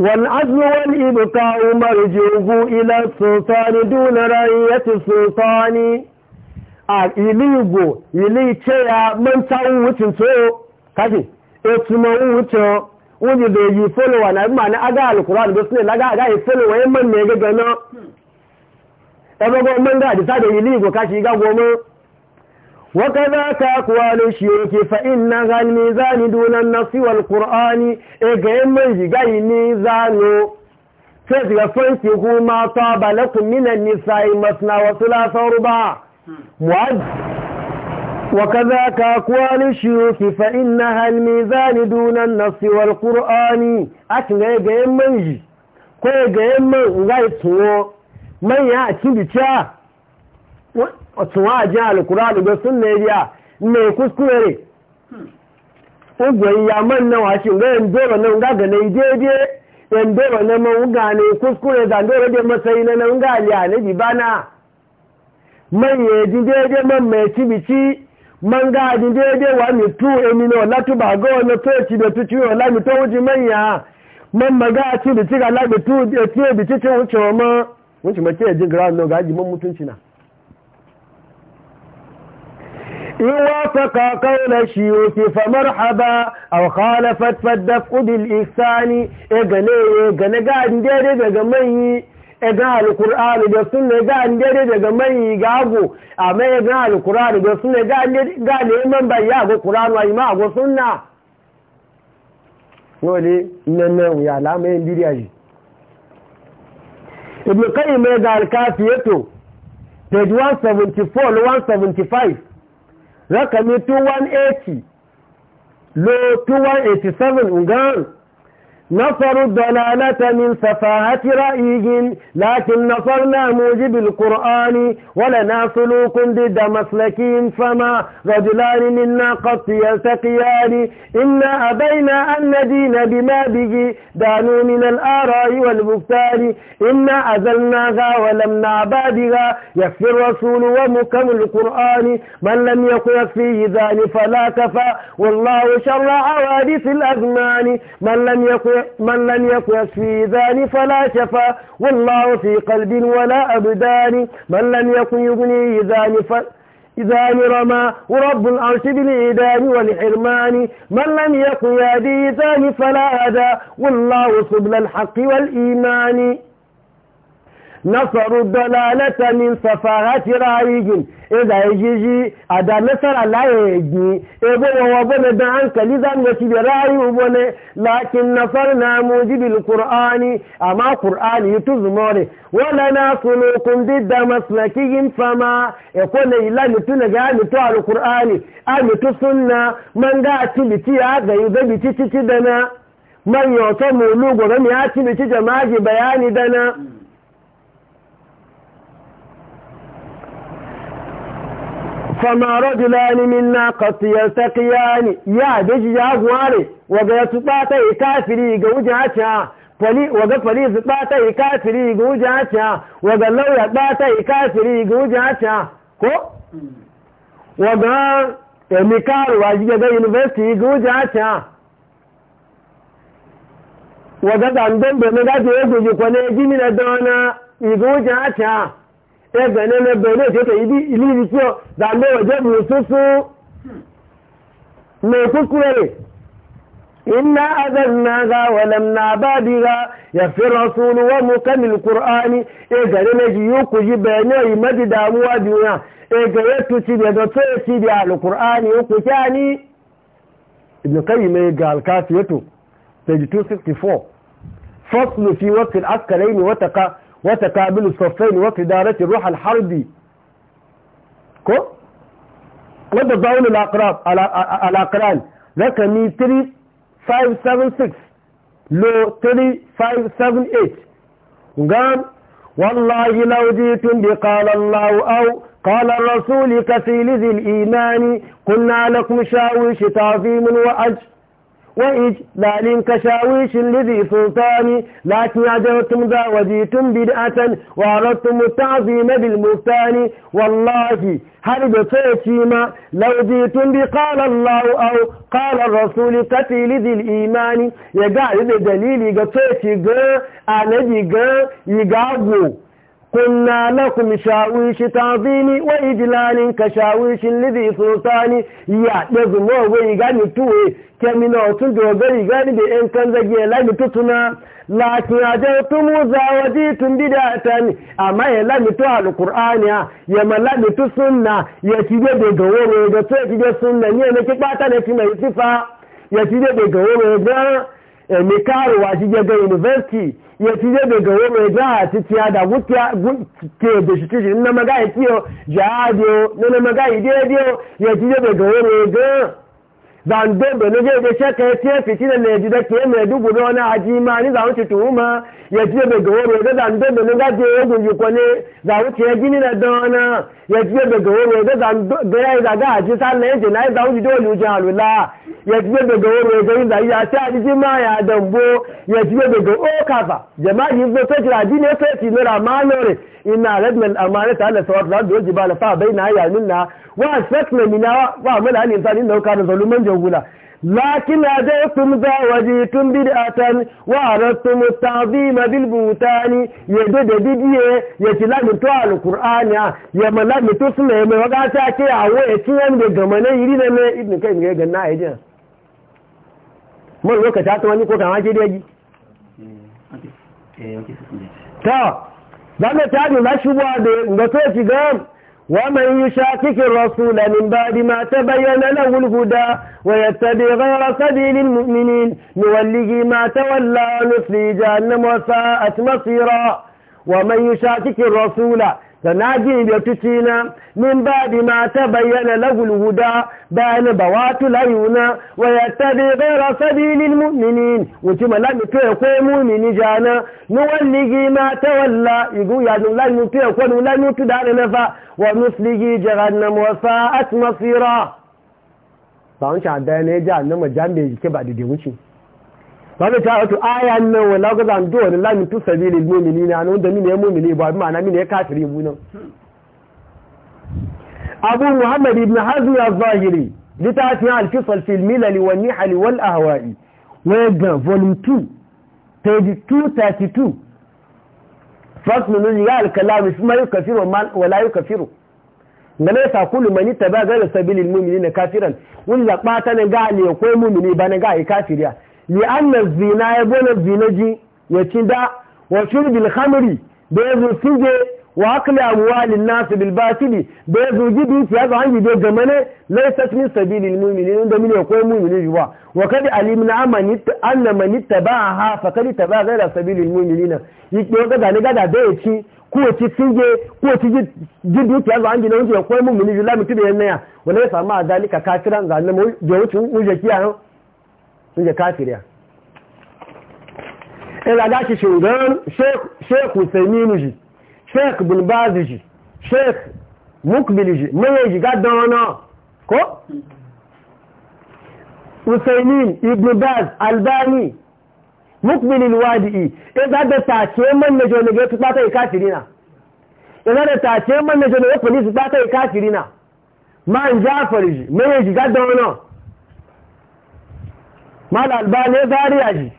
والعزم والإبقاء مرجوه إلى السلطان دون رعية السلطان الإليغو إليتيا من تاووتن تو كذي اتمووتن wọ́n lè yí fọ́lọ̀wà náà gbà ní agá alùkùrọ̀ àdìgbò sílẹ̀ lágá agá ìfọ́lọ̀wà yẹn mọ̀ ní náà ẹgbẹ́gbẹ́ mọ́ndà àdìsáde ilé ìgò káṣí igágbọ́ mọ́ وكذاك أقوال الشيوخ فإنها الميزان دون النص والقرآن إقيم جاي ميزان فإذا فانتهوا ما طاب لكم من النساء مثنى وثلاث ورباع مؤد وكذاك أقوال الشيوخ فإنها الميزان دون النص والقرآن أكنا إقيم منجي كو إقيم من غاية من يأتي بتاع tun wa jin alkur'ani ga sunna ya ne kuskure ugwai ya man nan nga ga na dole nan ga ga nai daidai yan dole nan man ga ne kuskure da dole da masai na nan ga ya ne bi bana man ye ma daidai man mai ci bici man ga ji daidai wa mi tu emi no latu ba go na to ci da tu ci o la mi to wuji man ya man maga ci bici ga la mi tu e ti bici ci wuce ma wuce ma ke ji ground ga ji man mutunci na إن وافق قول الشيوخ فمرحبا أو خالفت فالدفع بالإحسان إغني إغني قاعد ديري غمي إغنى القرآن بسنة قاعد ديري غمي غابو أما إغنى القرآن بسنة قاعد إمام بياغو قرآن وإماغو سنة نولي ننو يا لامين ديرياجي ابن قيم إذا الكافيته page 174 175 rakami 2180 lo 2187 ungan نصروا الدلالة من سفاهة رأيهم لكن نصرنا موجب القرآن ولنا سلوك ضد مسلكين فما رجلان منا قط يلتقيان إنا أبينا أن ندين بما به دانوا من الآراء والبهتان إنا أزلناها ولم نعبادها يكفي الرسول ومكم القرآن من لم يكن فيه ذان فلا كفى والله شر حوادث الأزمان من لم يكن من لم يكن في ذان فلا شفا والله في قلب ولا أبدان من لم يكن يبني ذان فلا إذا رما ورب العرش بالإيدان والحرمان من لم يكن يدي فلا أذى والله سبل الحق والإيمان nasaru dalalata min safahati ra'ayin idza yajiji ada nasara la yaji ebo wa bane dan hankali zan ga ci da ra'ayi lakin nasarna mujibil qur'ani amma qur'ani yutuzmore wala nasulukum didda maslakihim fama yakuna ila mutuna ga mutu alqur'ani a mutu sunna man ga ci bitiya ga yuzabi ci ci dana man yoto mulu gobe mi ya ci jama'i bayani dana fama rajulani minna qad yaltaqiyani ya daji ya gware waga ya tsubata kafiri ga wujacha fali waga fali tsubata kafiri ga wujacha waga lauya tsubata kafiri ga wujacha ko waga emikaru waji ga university ga wujacha waga dandan da na gaje ya guji kwane jimina dona ga wujacha ẹgbẹ̀ nẹ́nẹ́ bẹ̀rẹ̀ ìṣẹ́kẹ̀ ibi ìlú ibi tí ọ dàmẹ́ ọjọ́ mẹ́kúkú rẹ̀ inna azanna ga walamna badiga ya fi rasulu wa mukamil qur'ani e gare ne ji ku ji bayani yi madi damuwa duniya 264 faslu fi waqt al-askalaini وتقابل الصفين وقدارة الروح الحربي كو وتضاول الأقراب الأقران رقمي 3576 لو 3578 وقام والله لو جئتم بقال الله أو قال الرسول كثير ذي الإيمان قلنا لكم شاوي تعظيم وأجر وإجلال كشاويش لذي سلطاني لكن عجبتم ذا وجيتم بدعة وعرضتم التعظيم بالمفتان والله هل بصيتيما لو جيتم بقال الله أو قال الرسول قتيل لذي الإيمان يقال لذي دليل يقع قا أنا قا يقع kuna lakum shawishi tazini wa ijlalin ka shawishi lidi sultani ya dazu mo wei gani tuwe kemi na otundu ogari gani de en kanza gie la tutuna la kiaje tumu za wadi tundida tani ama ye la mi tuwa ya ma la mi tu sunna ya kige de gawore ya tuwe kige sunna nye ne kipata ne kime isifa ya kige de gawore ya mai karowa shi je ga university ya ci je daga wo mai jiha ci ciya da wutiya ke da shi cishi na magaya kiyo e jihadiyo na na magaya e daidaiyo e ya ci je daga zando a zai da shaka ya ce fitina na yaji da ke mai dubu da wani haji ma ni za wuce tuhuma ya ce bai ga wuri ga za wuce ya gini na dona ya ce bai ga wuri ga da ya za ga haji sallan ya ce za wuce dole wuce halula ce bai ga wuri ga yin zai ya ce a jiji ma ya dambo ya ce ga o kafa jama'a yi zo sai jira dine sai ci nura ma lore ina radman amana ta Allah sawab za da wajiba la fa baina ya minna wa sakna mina a amala al insani nauka da wula lakin da sun za waje tun bid'atan wa aratu mutazima bil butani ya da da bidiye ya ci lamin to alqur'ani ya malami to sun mai waga ta ke awo ya ci yan da gamane ibn kai ga na lokaci ta wani ko yi ta da ta da ga ومن يشاكك الرسول من بعد ما تبين له الهدى ويتبع غير سبيل المؤمنين نوله ما تولى ونصلي جهنم وساءت مصيرا ومن يشاكك الرسول sanadi ya tucina min ba bi ma ta bayyana lagul huda bayan bawatu layuna wa yattabi ghayra sabilil mu'minin wuti malami to ya koyi mu'mini jana nu walligi ma tawalla igu ya nu lan mu to ya koyi lan mu tu da na fa wa nusligi jahannam wa sa'at masira ba wancan da ne jahannama jambe jike ba da wuce wani ta wato aya nan wala ga zan do wani lamin tu sabilil mu'minina na wanda mini ya mu'mini ba ma na mini ya kafiri mu nan abu muhammad ibn hazu ya zahiri littafin al-fisal fil milal haliwal a wal ahwa'i wa volume 2 page 232 first min ya al-kalam fi ma yukaffiru wa la yukaffiru ngane sa kullu man ittaba ghayra sabilil na kafiran wani ɓata ta na ne ko mu'mini ba na ga kafiriya li anna zina ya bona zinaji ya ci da wa shurbil khamri da ya zo sije wa akli amwalin nas bil batili da ya zo gibi ya zo hangi da gamane laysat min sabilil mu'minin da mine ko mu'mini juwa wa kad an na anna man ittabaha faqad ittaba ghayra sabilil a yiko ga da ne ga da da ya ci ko ci singe ko ci ji dukiya za an gina wuce ya koyi yi, jula mutu da ya naya, wani ya samu a zalika kafiran zanen mu je wuce wuce kiyaye suke kafiriya ila da ki shugaban sheikh ji sheikh bulbazi ji sheikh mukbili ji ji wana ko? ibn baz albani mukbilin wadi'i man na yi kafirina man na yi kafirina jafar ji ji wana mala albani ya zariya shi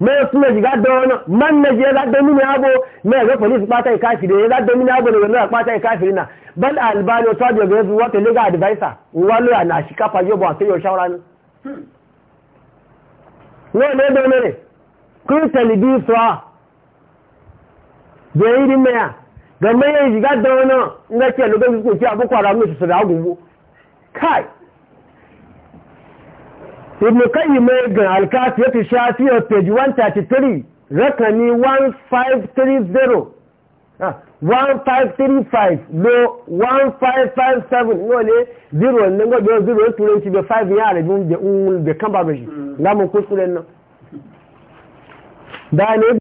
mai suna shiga da wani man na je zaɗa mini abu mai ga polis ɓata ya kafiri ya zaɗa mini abu da wani ɓata ya kafiri na bal albani ta da ga zuwa liga advisor wani ya na shi kafa yau ba sai yau shawara ne ne ne da ne kun talibi suwa da yi maya ga mai da wani na ke lugan su abu kwara su da kai ibn qayyim ga al-kafiyatu on page one thirty-three. three rakani ah, 1530 five lo 1557 no le zero ne ngo be zero tulen ti be 5 ya le bun be un be kan ba be la mm. mo ko tulen no da ne